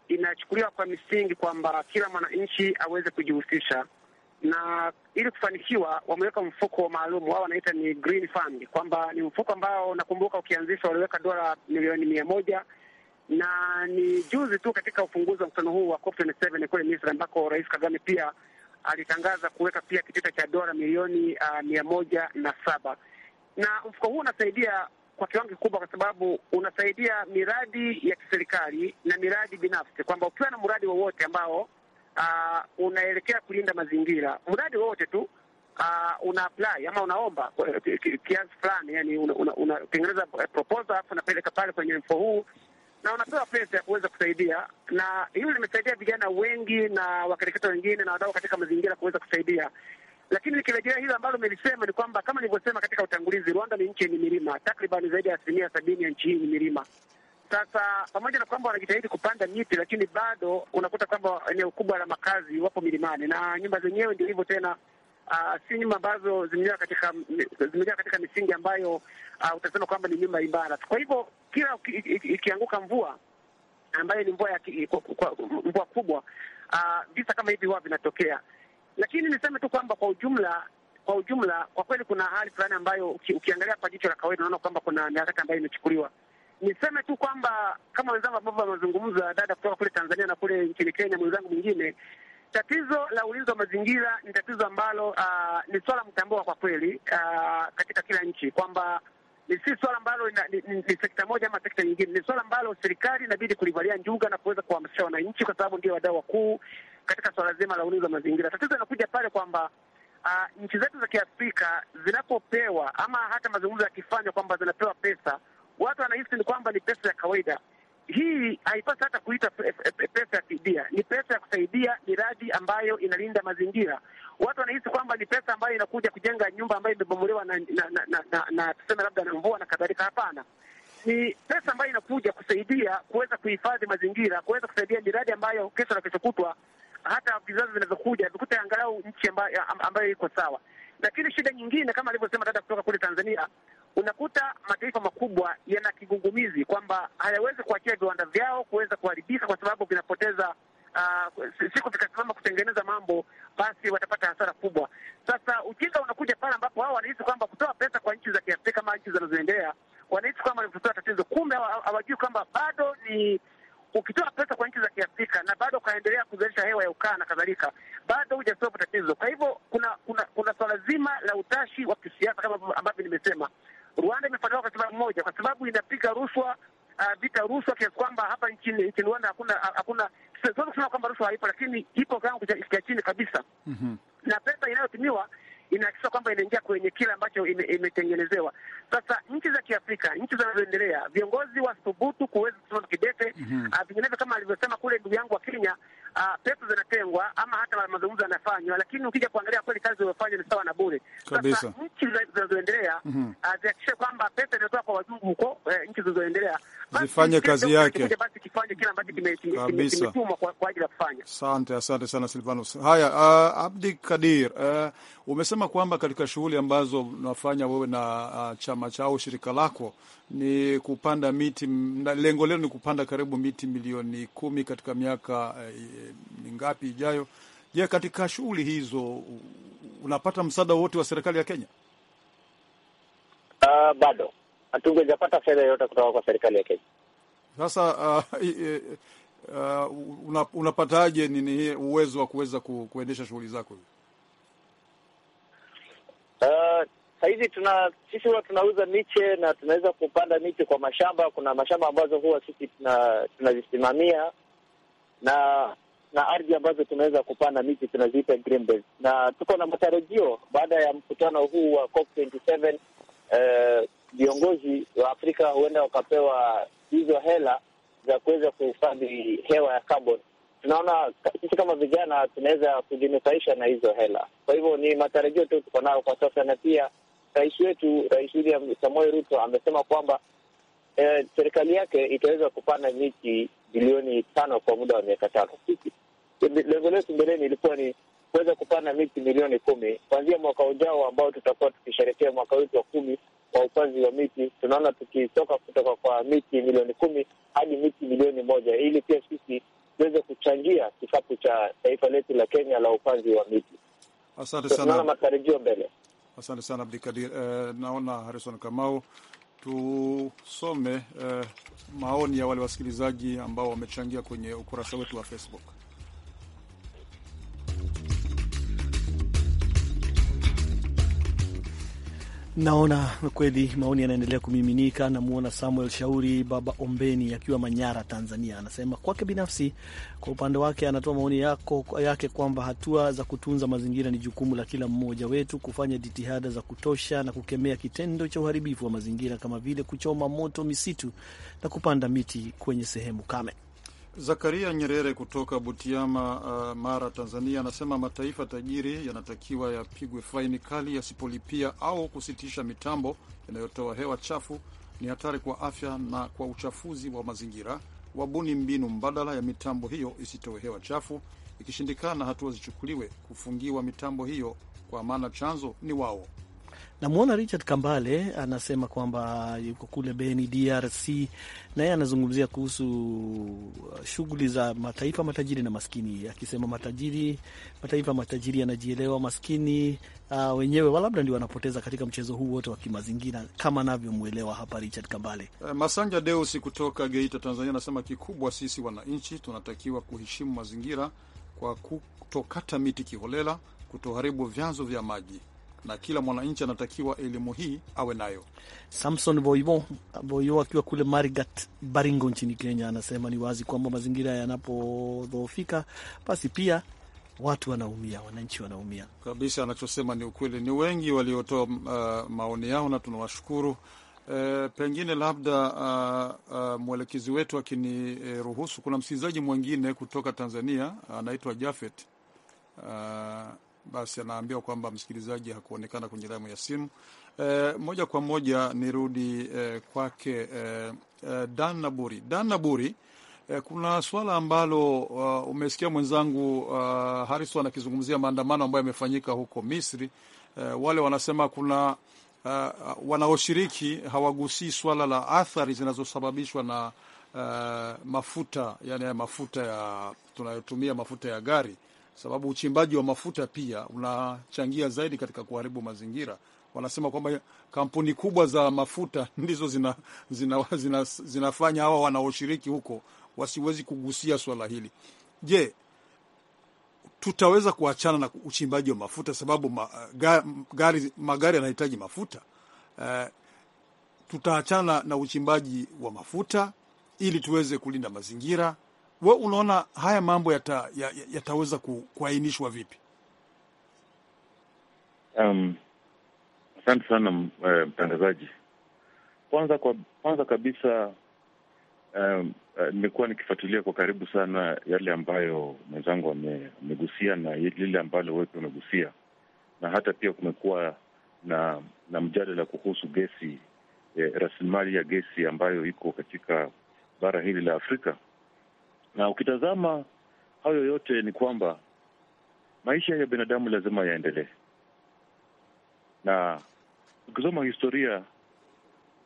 inachukuliwa kwa misingi kwamba kila mwananchi aweze kujihusisha na ili kufanikiwa wameweka mfuko maalum, wao wanaita ni green fund, kwamba ni mfuko ambao nakumbuka ukianzishwa waliweka dola milioni mia moja na ni juzi tu katika ufunguzi wa mkutano huu wa COP27 kule Misri ambako Rais Kagame pia alitangaza kuweka pia kitita cha dola milioni uh, mia moja na saba na mfuko huu unasaidia kwa kiwango kikubwa, kwa sababu unasaidia miradi ya kiserikali na miradi binafsi, kwamba ukiwa na mradi wowote ambao uh, unaelekea kulinda mazingira, mradi wote tu uh, una apply ama unaomba eh, kiasi fulani, yani unatengeneza una, una eh, proposal alafu unapeleka pale kwenye mfo huu na unapewa pesa ya kuweza kusaidia, na hilo limesaidia vijana wengi na wakereketa wengine na wadau katika mazingira kuweza kusaidia. Lakini nikirejea hilo ambalo umelisema ni kwamba kama nilivyosema katika utangulizi, Rwanda ni nchi yenye milima, takriban zaidi ya asilimia sabini ya nchi hii ni milima. Sasa pamoja na kwamba wanajitahidi kupanda miti, lakini bado unakuta kwamba eneo kubwa la makazi wapo milimani na nyumba zenyewe ndio hivyo tena. Uh, si nyumba ambazo zimejaa katika zimejaa katika misingi ambayo uh, utasema kwamba ni nyumba imara. Kwa hivyo kila ikianguka mvua ambayo ni mvua ya ki, kwa, kwa, mvua kubwa ah, visa kama hivi huwa vinatokea, lakini niseme tu kwamba kwa ujumla kwa ujumla, kwa kweli kuna hali fulani ambayo uki, ukiangalia kwa jicho la kawaida unaona kwamba kuna mikakati ambayo imechukuliwa niseme tu kwamba kama wenzangu ambavyo wamezungumza, dada kutoka kule Tanzania na kule nchini Kenya, mwenzangu mwingine, tatizo la ulinzi wa mazingira ni tatizo ambalo uh, ni swala mtamboa kwa kweli uh, katika kila nchi kwamba ni si swala ambalo ni, ni, ni sekta moja ama sekta nyingine. Ni swala ambalo serikali inabidi kulivalia njuga na kuweza kuhamasisha wananchi, kwa sababu ndio wadau wakuu katika swala zima la ulinzi wa mazingira. Tatizo linakuja pale kwamba uh, nchi zetu za Kiafrika zinapopewa ama hata mazungumzo yakifanywa kwamba zinapewa pesa watu wanahisi ni kwamba ni pesa ya kawaida. Hii haipasi hata kuita pesa ya fidia, ni pesa ya kusaidia miradi ambayo inalinda mazingira. Watu wanahisi kwamba ni pesa ambayo inakuja kujenga nyumba ambayo imebomolewa na, na, na, na, na, na tuseme labda na mvua na kadhalika. Hapana, ni pesa ambayo inakuja kusaidia kuweza kuhifadhi mazingira, kuweza kusaidia miradi ambayo kesho na kesho kutwa hata vizazi vinavyokuja vikute angalau nchi ambayo, ambayo iko sawa. Lakini shida nyingine kama alivyosema dada kutoka kule Tanzania, unakuta mataifa makubwa yana kigungumizi kwamba hayawezi kuachia viwanda vyao kuweza kuharibika, kwa sababu vinapoteza uh, siku vikasimama kutengeneza mambo, basi watapata hasara kubwa. Sasa ujinga unakuja pale ambapo wao wanahisi kwamba kutoa pesa kwa nchi za Kiafrika ama nchi zinazoendelea wanahisi kwamba wanatatua tatizo, kumbe hawajui kwamba bado ni ukitoa pesa kwa nchi za Kiafrika na bado ukaendelea kuzalisha hewa ya ukaa na kadhalika, bado hujasolve tatizo. Kwa hivyo kuna kuna kuna swala zima la utashi wa kisiasa kama ambavyo nimesema, Rwanda imefanikiwa kwa sababu moja, kwa sababu inapiga rushwa uh, vita rushwa kiasi kwamba hapa nchini nchini Rwanda hakuna hakuna, siwezi kusema kwamba rushwa haipo, lakini ipo kiwango cha chini kabisa. mm -hmm. na pesa inayotumiwa inahakikisha kwamba inaingia kwenye kile ambacho imetengenezewa. Ime sasa nchi za Kiafrika, nchi zinazoendelea, viongozi wa thubutu kuweza kusimama kidete, mm -hmm. vinginevyo kama alivyosema kule ndugu yangu wa Kenya uh, pesa zinatengwa ama hata mazungumzo yanafanywa, lakini ukija kuangalia kweli kazi zinazofanywa ni sawa na bure. Sasa nchi zinazoendelea mhm. ah, zihakikishe kwamba pesa inatoka kwa wazungu huko, eh, nchi zinazoendelea zifanye kazi yake kabisa. Asante, asante sana Silvanus. Haya, uh, Abdi Kadir, uh, umesema kwamba katika shughuli ambazo unafanya wewe na uh, chama chao shirika lako ni kupanda miti, lengo lenu ni kupanda karibu miti milioni kumi katika miaka eh, mingapi uh, ijayo. Je, katika shughuli hizo unapata msaada wote wa serikali ya Kenya? Uh, bado hatungejapata fedha yoyote kutoka kwa serikali ya Kenya. Sasa uh, uh, unapataje nini uwezo wa kuweza kuendesha shughuli zako? Uh, sahizi tuna sisi huwa tunauza miche na tunaweza kupanda miche kwa mashamba. Kuna mashamba ambazo huwa sisi tunazisimamia na na ardhi ambazo tunaweza kupanda miti tunaziita green belt, na tuko na matarajio baada ya mkutano huu wa COP 27 eh, uh, viongozi wa Afrika huenda wakapewa hizo hela za kuweza kuhifadhi hewa ya carbon. Tunaona sisi kama vijana tunaweza kujinufaisha na hizo hela. Kwa hivyo ni matarajio tu tuko nayo kwa sasa, na pia rais wetu, Rais William Samoei Ruto amesema kwamba eh, serikali yake itaweza kupanda miti bilioni tano kwa muda wa miaka tano. lengo letu mbeleni ilikuwa ni kuweza kupanda miti milioni kumi kuanzia mwaka ujao ambao tutakuwa tukisherehekea mwaka wetu wa kumi kwa upanzi wa miti. Tunaona tukitoka kutoka kwa miti milioni kumi hadi miti milioni moja ili pia sisi tuweze kuchangia kikapu cha taifa letu la Kenya la upanzi wa miti. Asante sana, tunaona matarajio mbele. Asante sana Abdikadir. Eh, naona Harison Kamau, tusome eh, maoni ya wale wasikilizaji ambao wamechangia kwenye ukurasa wetu wa Facebook. Naona kweli maoni yanaendelea kumiminika. Namwona Samuel Shauri Baba Ombeni akiwa Manyara, Tanzania, anasema kwake binafsi, kwa upande wake anatoa maoni yako, yake kwamba hatua za kutunza mazingira ni jukumu la kila mmoja wetu kufanya jitihada za kutosha na kukemea kitendo cha uharibifu wa mazingira kama vile kuchoma moto misitu na kupanda miti kwenye sehemu kame. Zakaria Nyerere kutoka Butiama, uh, Mara, Tanzania, anasema mataifa tajiri yanatakiwa yapigwe faini kali yasipolipia au kusitisha mitambo inayotoa hewa chafu. Ni hatari kwa afya na kwa uchafuzi wa mazingira. Wabuni mbinu mbadala ya mitambo hiyo isitoe hewa chafu. Ikishindikana, hatua zichukuliwe kufungiwa mitambo hiyo, kwa maana chanzo ni wao. Namwona Richard Kambale anasema kwamba yuko kule Beni, DRC, naye anazungumzia kuhusu uh, shughuli za mataifa matajiri na maskini, akisema matajiri, mataifa matajiri yanajielewa, maskini uh, wenyewe labda ndio wanapoteza katika mchezo huu wote wa kimazingira, kama anavyomwelewa hapa Richard Kambale. Eh, Masanja Deusi kutoka Geita, Tanzania, anasema kikubwa, sisi wananchi tunatakiwa kuheshimu mazingira kwa kutokata miti kiholela, kutoharibu vyanzo vya maji na kila mwananchi anatakiwa elimu hii awe nayo. Samson Voivo akiwa kule Marigat, Baringo nchini Kenya, anasema ni wazi kwamba mazingira yanapodhoofika, basi pia watu wanaumia, wananchi wanaumia kabisa. Anachosema ni ukweli. Ni wengi waliotoa uh, maoni yao na tunawashukuru. E, pengine labda uh, uh, mwelekezi wetu akiniruhusu, e, kuna msikilizaji mwingine kutoka Tanzania anaitwa Jafet uh, basi anaambiwa kwamba msikilizaji hakuonekana kwenye lamu ya simu. E, moja kwa moja nirudi e, kwake e, e, Dan Naburi. Dan Naburi, e, kuna swala ambalo uh, umesikia mwenzangu uh, Harison akizungumzia maandamano ambayo yamefanyika huko Misri. E, wale wanasema kuna uh, wanaoshiriki hawagusii swala la athari zinazosababishwa na uh, mafuta yani mafuta ya tunayotumia mafuta ya gari sababu uchimbaji wa mafuta pia unachangia zaidi katika kuharibu mazingira. Wanasema kwamba kampuni kubwa za mafuta ndizo zina, zina, zina, zinafanya hawa wanaoshiriki huko wasiwezi kugusia swala hili. Je, tutaweza kuachana na uchimbaji wa mafuta sababu magari, magari yanahitaji mafuta uh, tutaachana na uchimbaji wa mafuta ili tuweze kulinda mazingira we unaona haya mambo yataweza ya, ya kuainishwa vipi? Um, asante sana eh, mtangazaji. Uh, kwanza kwa, kwanza kabisa um, uh, nimekuwa nikifuatilia kwa karibu sana yale ambayo mwenzangu amegusia na lile ambalo wewe umegusia, na hata pia kumekuwa na na mjadala kuhusu gesi eh, rasilimali ya gesi ambayo iko katika bara hili la Afrika na ukitazama hayo yote ni kwamba maisha ya binadamu lazima yaendelee, na ukisoma historia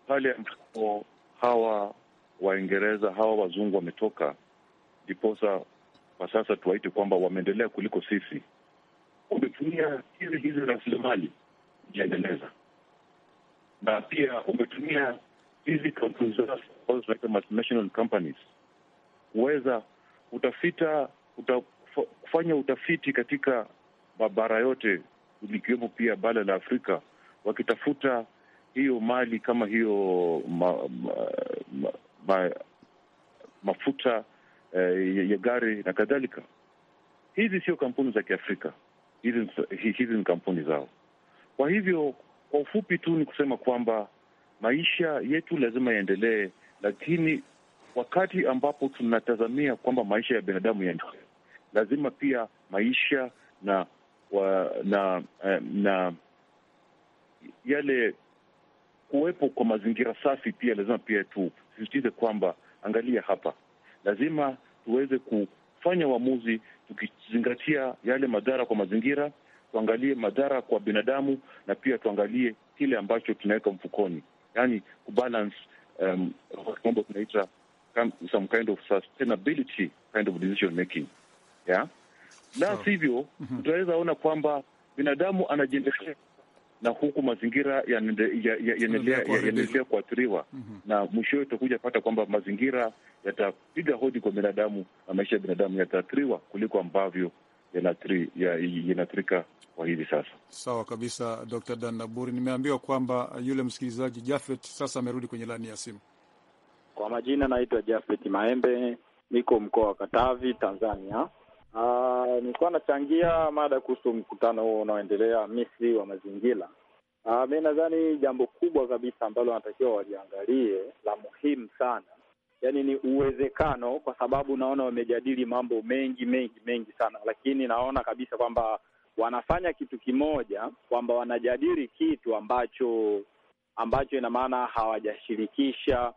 pale ambapo hawa Waingereza hawa wazungu wametoka, ndiposa kwa sasa tuwaite kwamba wameendelea kuliko sisi. Wametumia hizi hizi rasilimali kujiendeleza, na pia umetumia hizi kampuni zao ambazo tunaita multinational companies kuweza utafita kufanya utafiti katika mabara yote likiwemo pia bara la Afrika wakitafuta hiyo mali kama hiyo ma, ma, ma, ma, mafuta eh, ya gari na kadhalika. Hizi sio kampuni za Kiafrika, hizi ni kampuni zao. Kwa hivyo kwa ufupi tu ni kusema kwamba maisha yetu lazima yaendelee, lakini Wakati ambapo tunatazamia kwamba maisha ya binadamu yana lazima pia maisha na wa, na eh, na yale kuwepo kwa mazingira safi pia lazima pia tusisitize kwamba angalia hapa, lazima tuweze kufanya uamuzi tukizingatia yale madhara kwa mazingira, tuangalie madhara kwa binadamu, na pia tuangalie kile ambacho tunaweka mfukoni, yani kubalance, um, tunaita some kind of sustainability kind of decision making yeah na so, sivyo mm -hmm. Tunaweza ona kwamba binadamu anajiendelea na huku mazingira yanaendelea kuathiriwa mm -hmm. Na mwishowe tutakuja pata kwamba mazingira yatapiga hodi kwa binadamu na maisha ya binadamu yataathiriwa kuliko ambavyo yanaathirika kwa hivi sasa. Sawa kabisa, Dr. Dan Naburi. Nimeambiwa kwamba yule msikilizaji Jafet sasa amerudi kwenye laini ya simu. Kwa majina naitwa Jafet Maembe, niko mkoa wa Katavi, Tanzania. Ah, nilikuwa nachangia mada kuhusu mkutano huo unaoendelea Misri wa mazingira. Ah, Mi nadhani jambo kubwa kabisa ambalo wanatakiwa waliangalie la muhimu sana, yaani ni uwezekano, kwa sababu naona wamejadili mambo mengi mengi mengi sana, lakini naona kabisa kwamba wanafanya kitu kimoja, kwamba wanajadili kitu ambacho ambacho ina maana hawajashirikisha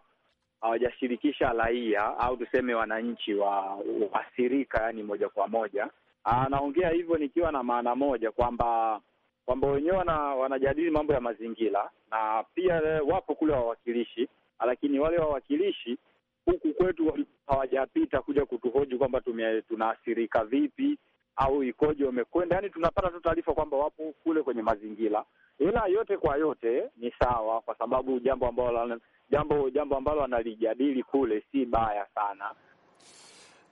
hawajashirikisha raia au tuseme wananchi wa wasirika, yani moja kwa moja. Anaongea ah, hivyo nikiwa na maana moja kwamba kwamba wenyewe wana, wanajadili mambo ya mazingira na pia wapo kule wawakilishi, lakini wale wawakilishi huku kwetu hawajapita kuja kutuhoji kwamba tunaathirika vipi au ikoje wamekwenda, yani tunapata tu taarifa kwamba wapo kule kwenye mazingira. Ila yote kwa yote ni sawa, kwa sababu jambo ambalo jambo jambo ambalo analijadili kule si baya sana.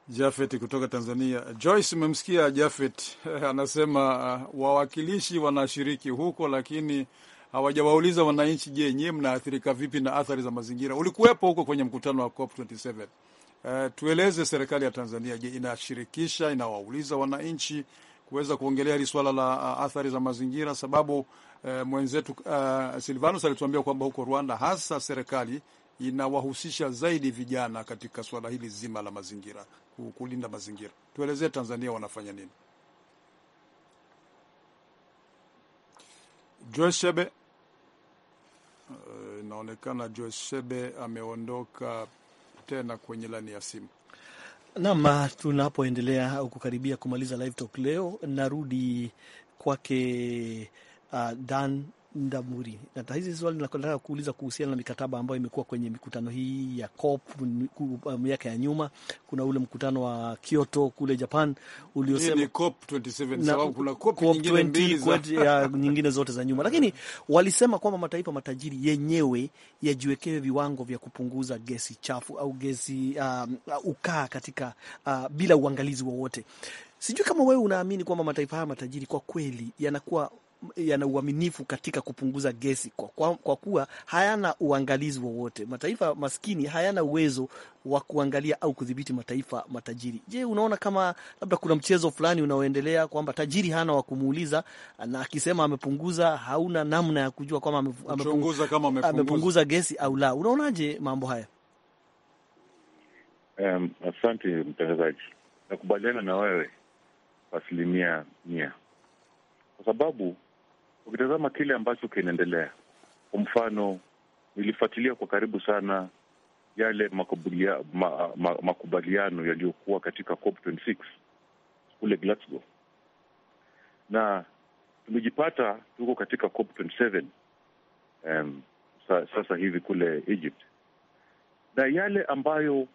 Jafet kutoka Tanzania. Joyce, umemsikia Jafet anasema uh, wawakilishi wanashiriki huko, lakini hawajawauliza wananchi, je, nyie mnaathirika vipi na athari za mazingira? Ulikuwepo huko kwenye mkutano wa COP 27 Eh, tueleze serikali ya Tanzania, je, inashirikisha inawauliza wananchi kuweza kuongelea hili swala la uh, athari za mazingira? Sababu uh, mwenzetu uh, Silvanus alituambia kwamba huko Rwanda hasa serikali inawahusisha zaidi vijana katika swala hili zima la mazingira, kulinda mazingira. Tuelezee Tanzania wanafanya nini? Joshebe, uh, inaonekana Joshebe ameondoka tena kwenye laini ya simu. Naam, ah, tunapoendelea au kukaribia kumaliza live talk leo, narudi kwake uh, Dan Ndamuri, na hizi swali nataka kuuliza kuhusiana na mikataba ambayo imekuwa kwenye mikutano hii ya COP um, miaka ya nyuma. Kuna ule mkutano wa Kyoto kule Japan uliosema COP 27 kuna COP nyingine zote za nyuma, lakini walisema kwamba mataifa matajiri yenyewe yajiwekewe viwango vya kupunguza gesi chafu au gesi uh, ukaa katika uh, bila uangalizi wowote. Sijui kama wewe unaamini kwamba mataifa haya matajiri kwa kweli yanakuwa yana uaminifu katika kupunguza gesi kwa, kwa, kwa kuwa hayana uangalizi wowote. Mataifa maskini hayana uwezo wa kuangalia au kudhibiti mataifa matajiri. Je, unaona kama labda kuna mchezo fulani unaoendelea kwamba tajiri hana wa kumuuliza, na akisema amepunguza, hauna namna ya kujua kwamba amepunguza, kama amepunguza, amepunguza gesi au la? Unaonaje mambo haya? Um, asante mtangazaji, nakubaliana na wewe asilimia mia, kwa sababu ukitazama kile ambacho kinaendelea, kwa mfano, nilifuatilia kwa karibu sana yale makubulia, ma, ma, makubaliano yaliyokuwa katika COP 26 kule Glasgow, na tumejipata tuko katika COP 27 um, sa, sasa hivi kule Egypt, na yale ambayo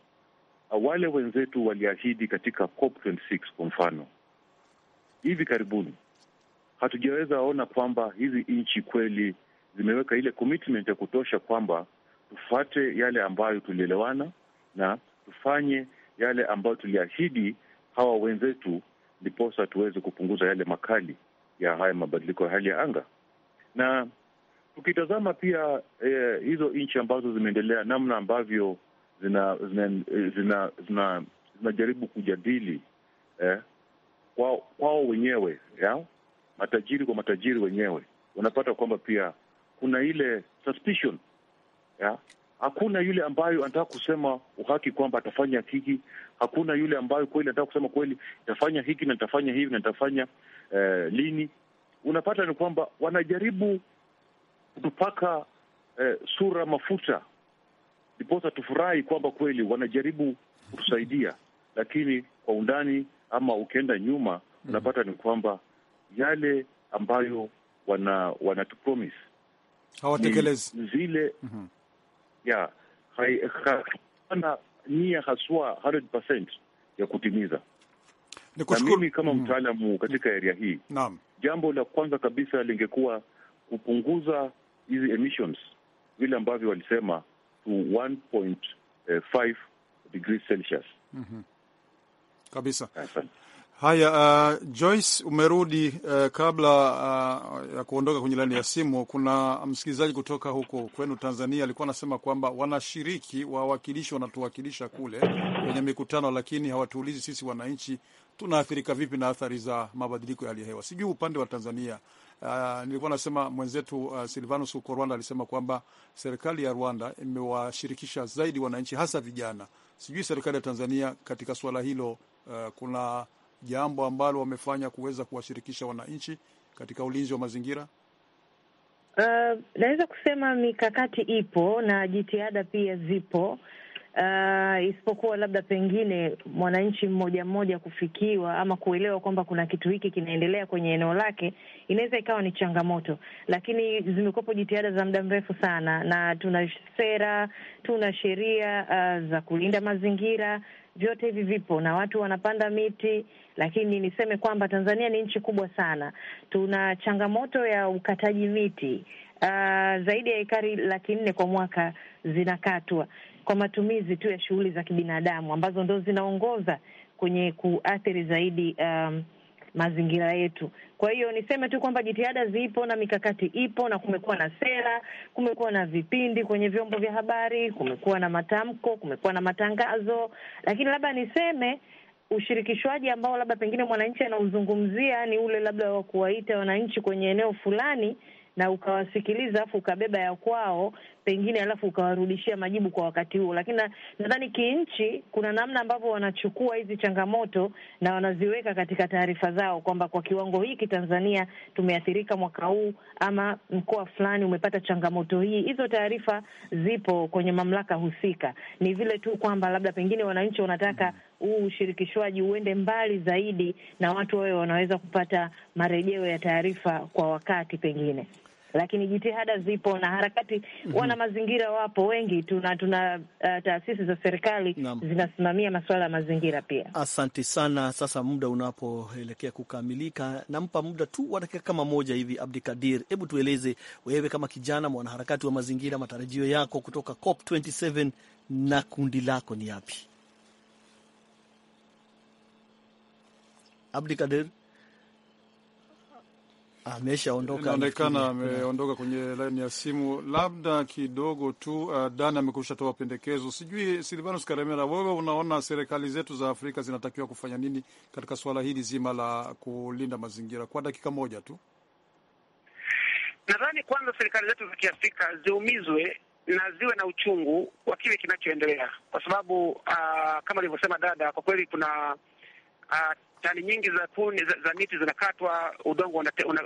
wale wenzetu waliahidi katika COP 26 kwa mfano hivi karibuni hatujaweza ona kwamba hizi nchi kweli zimeweka ile commitment ya kutosha kwamba tufuate yale ambayo tulielewana na tufanye yale ambayo tuliahidi hawa wenzetu, ndiposa tuweze kupunguza yale makali ya haya mabadiliko ya hali ya anga. Na tukitazama pia eh, hizo nchi ambazo zimeendelea, namna ambavyo zinajaribu zina, zina, zina, zina, kujadili eh, kwao, kwa wenyewe yeah? matajiri kwa matajiri wenyewe, unapata kwamba pia kuna ile suspicion ya hakuna yule ambayo anataka kusema uhaki kwamba atafanya hiki. Hakuna yule ambayo kweli anataka kusema kweli itafanya hiki na nitafanya hivi na nitafanya eh, lini. Unapata ni kwamba wanajaribu kutupaka eh, sura mafuta ndiposa tufurahi kwamba kweli wanajaribu kutusaidia, lakini kwa undani ama ukienda nyuma mm. unapata ni kwamba yale ambayo wana wanatupromise hawatekelezi zile mm -hmm. ya hawana nia haswa 100% ya kutimiza. Na mimi kama mhm. mtaalamu katika area hii naam, jambo la kwanza kabisa lingekuwa kupunguza hizi emissions vile ambavyo walisema to 1.5 degrees Celsius. Mm -hmm. Kabisa. Asante. Haya, uh, Joyce umerudi. Uh, kabla uh, ya kuondoka kwenye laini ya simu, kuna msikilizaji kutoka huko kwenu Tanzania alikuwa anasema kwamba wanashiriki wawakilishi wanatuwakilisha kule kwenye mikutano, lakini hawatuulizi sisi wananchi tunaathirika vipi na athari za mabadiliko ya hali ya hewa. Sijui upande wa Tanzania. Uh, nilikuwa nasema mwenzetu uh, Silvanus huko Rwanda alisema kwamba serikali ya Rwanda imewashirikisha zaidi wananchi, hasa vijana. Sijui serikali ya Tanzania katika suala hilo, uh, kuna jambo ambalo wamefanya kuweza kuwashirikisha wananchi katika ulinzi wa mazingira? Uh, naweza kusema mikakati ipo na jitihada pia zipo. Uh, isipokuwa labda pengine mwananchi mmoja mmoja kufikiwa ama kuelewa kwamba kuna kitu hiki kinaendelea kwenye eneo lake, inaweza ikawa ni changamoto, lakini zimekuwepo jitihada za muda mrefu sana, na tuna sera, tuna sheria uh, za kulinda mazingira vyote hivi vipo na watu wanapanda miti, lakini niseme kwamba Tanzania ni nchi kubwa sana. Tuna changamoto ya ukataji miti. Uh, zaidi ya ekari laki nne kwa mwaka zinakatwa kwa matumizi tu ya shughuli za kibinadamu ambazo ndo zinaongoza kwenye kuathiri zaidi um, mazingira yetu. Kwa hiyo niseme tu kwamba jitihada zipo na mikakati ipo, na kumekuwa na sera, kumekuwa na vipindi kwenye vyombo vya habari, kumekuwa na matamko, kumekuwa na matangazo, lakini labda niseme ushirikishwaji ambao labda pengine mwananchi anauzungumzia ni ule labda wa kuwaita wananchi kwenye eneo fulani na ukawasikiliza, afu ukabeba ya kwao pengine, alafu ukawarudishia majibu kwa wakati huo. Lakini nadhani kinchi, kuna namna ambavyo wanachukua hizi changamoto na wanaziweka katika taarifa zao kwamba kwa kiwango hiki Tanzania tumeathirika mwaka huu, ama mkoa fulani umepata changamoto hii. Hizo taarifa zipo kwenye mamlaka husika, ni vile tu kwamba labda pengine wananchi wanataka huu ushirikishwaji uende mbali zaidi na watu wawe wanaweza kupata marejeo ya taarifa kwa wakati pengine lakini jitihada zipo na harakati mm -hmm. Wana mazingira wapo wengi, tuna tuna uh, taasisi za serikali zinasimamia masuala ya mazingira pia. Asante sana. Sasa muda unapoelekea kukamilika, nampa muda tu wa dakika kama moja hivi. Abdikadir, hebu tueleze wewe kama kijana mwanaharakati wa mazingira, matarajio yako kutoka COP 27 na kundi lako ni yapi? Abdikadir ameshaondoka, inaonekana ameondoka kwenye laini ya simu. Labda kidogo tu, uh, Dani amekusha toa pendekezo. Sijui Silvanus Karemera, wewe unaona serikali zetu za Afrika zinatakiwa kufanya nini katika suala hili zima la kulinda mazingira? Kwa dakika moja tu. Nadhani kwanza serikali zetu za Kiafrika ziumizwe na ziwe na uchungu wa kile kinachoendelea, kwa sababu uh, kama alivyosema dada, kwa kweli kuna uh, tani nyingi za kuni za, za miti zinakatwa, udongo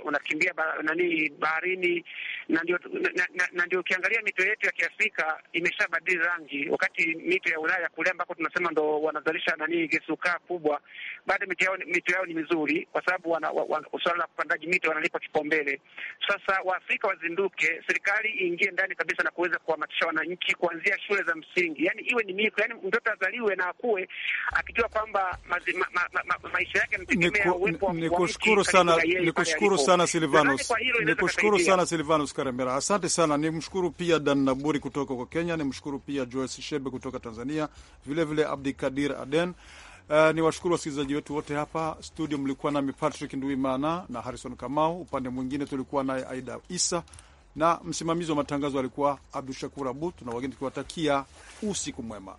unakimbia una, una nani baharini, na ndio na, na, na ndio ukiangalia mito yetu ya Kiafrika imeshabadili rangi, wakati mito ya Ulaya kule ambako tunasema ndo wanazalisha nani gesukaa kubwa, bado mito yao, mito yao ni mizuri, kwa sababu wana, wana, swala la upandaji mito wanalipa kipaumbele. Sasa Waafrika wazinduke, serikali iingie ndani kabisa na kuweza kuhamasisha wananchi kuanzia shule za msingi, yani iwe ni miko, yani mtoto azaliwe na akue akijua kwamba ma, ma, ma, ma, ma, maisha yake nikushukuru sana nikushukuru sana Silvanus nikushukuru sana Silvanus Karemera asante sana nimshukuru pia Dan Naburi kutoka kwa Kenya nimshukuru pia Joyce Shebe kutoka Tanzania vile vile Abdikadir Aden Uh, eh, ni washukuru wasikilizaji wetu wote hapa studio. Mlikuwa nami Patrick Nduimana na Harrison Kamau, upande mwingine tulikuwa naye Aida Isa na msimamizi wa matangazo alikuwa Abdu Shakur abut na wageni tukiwatakia usiku mwema.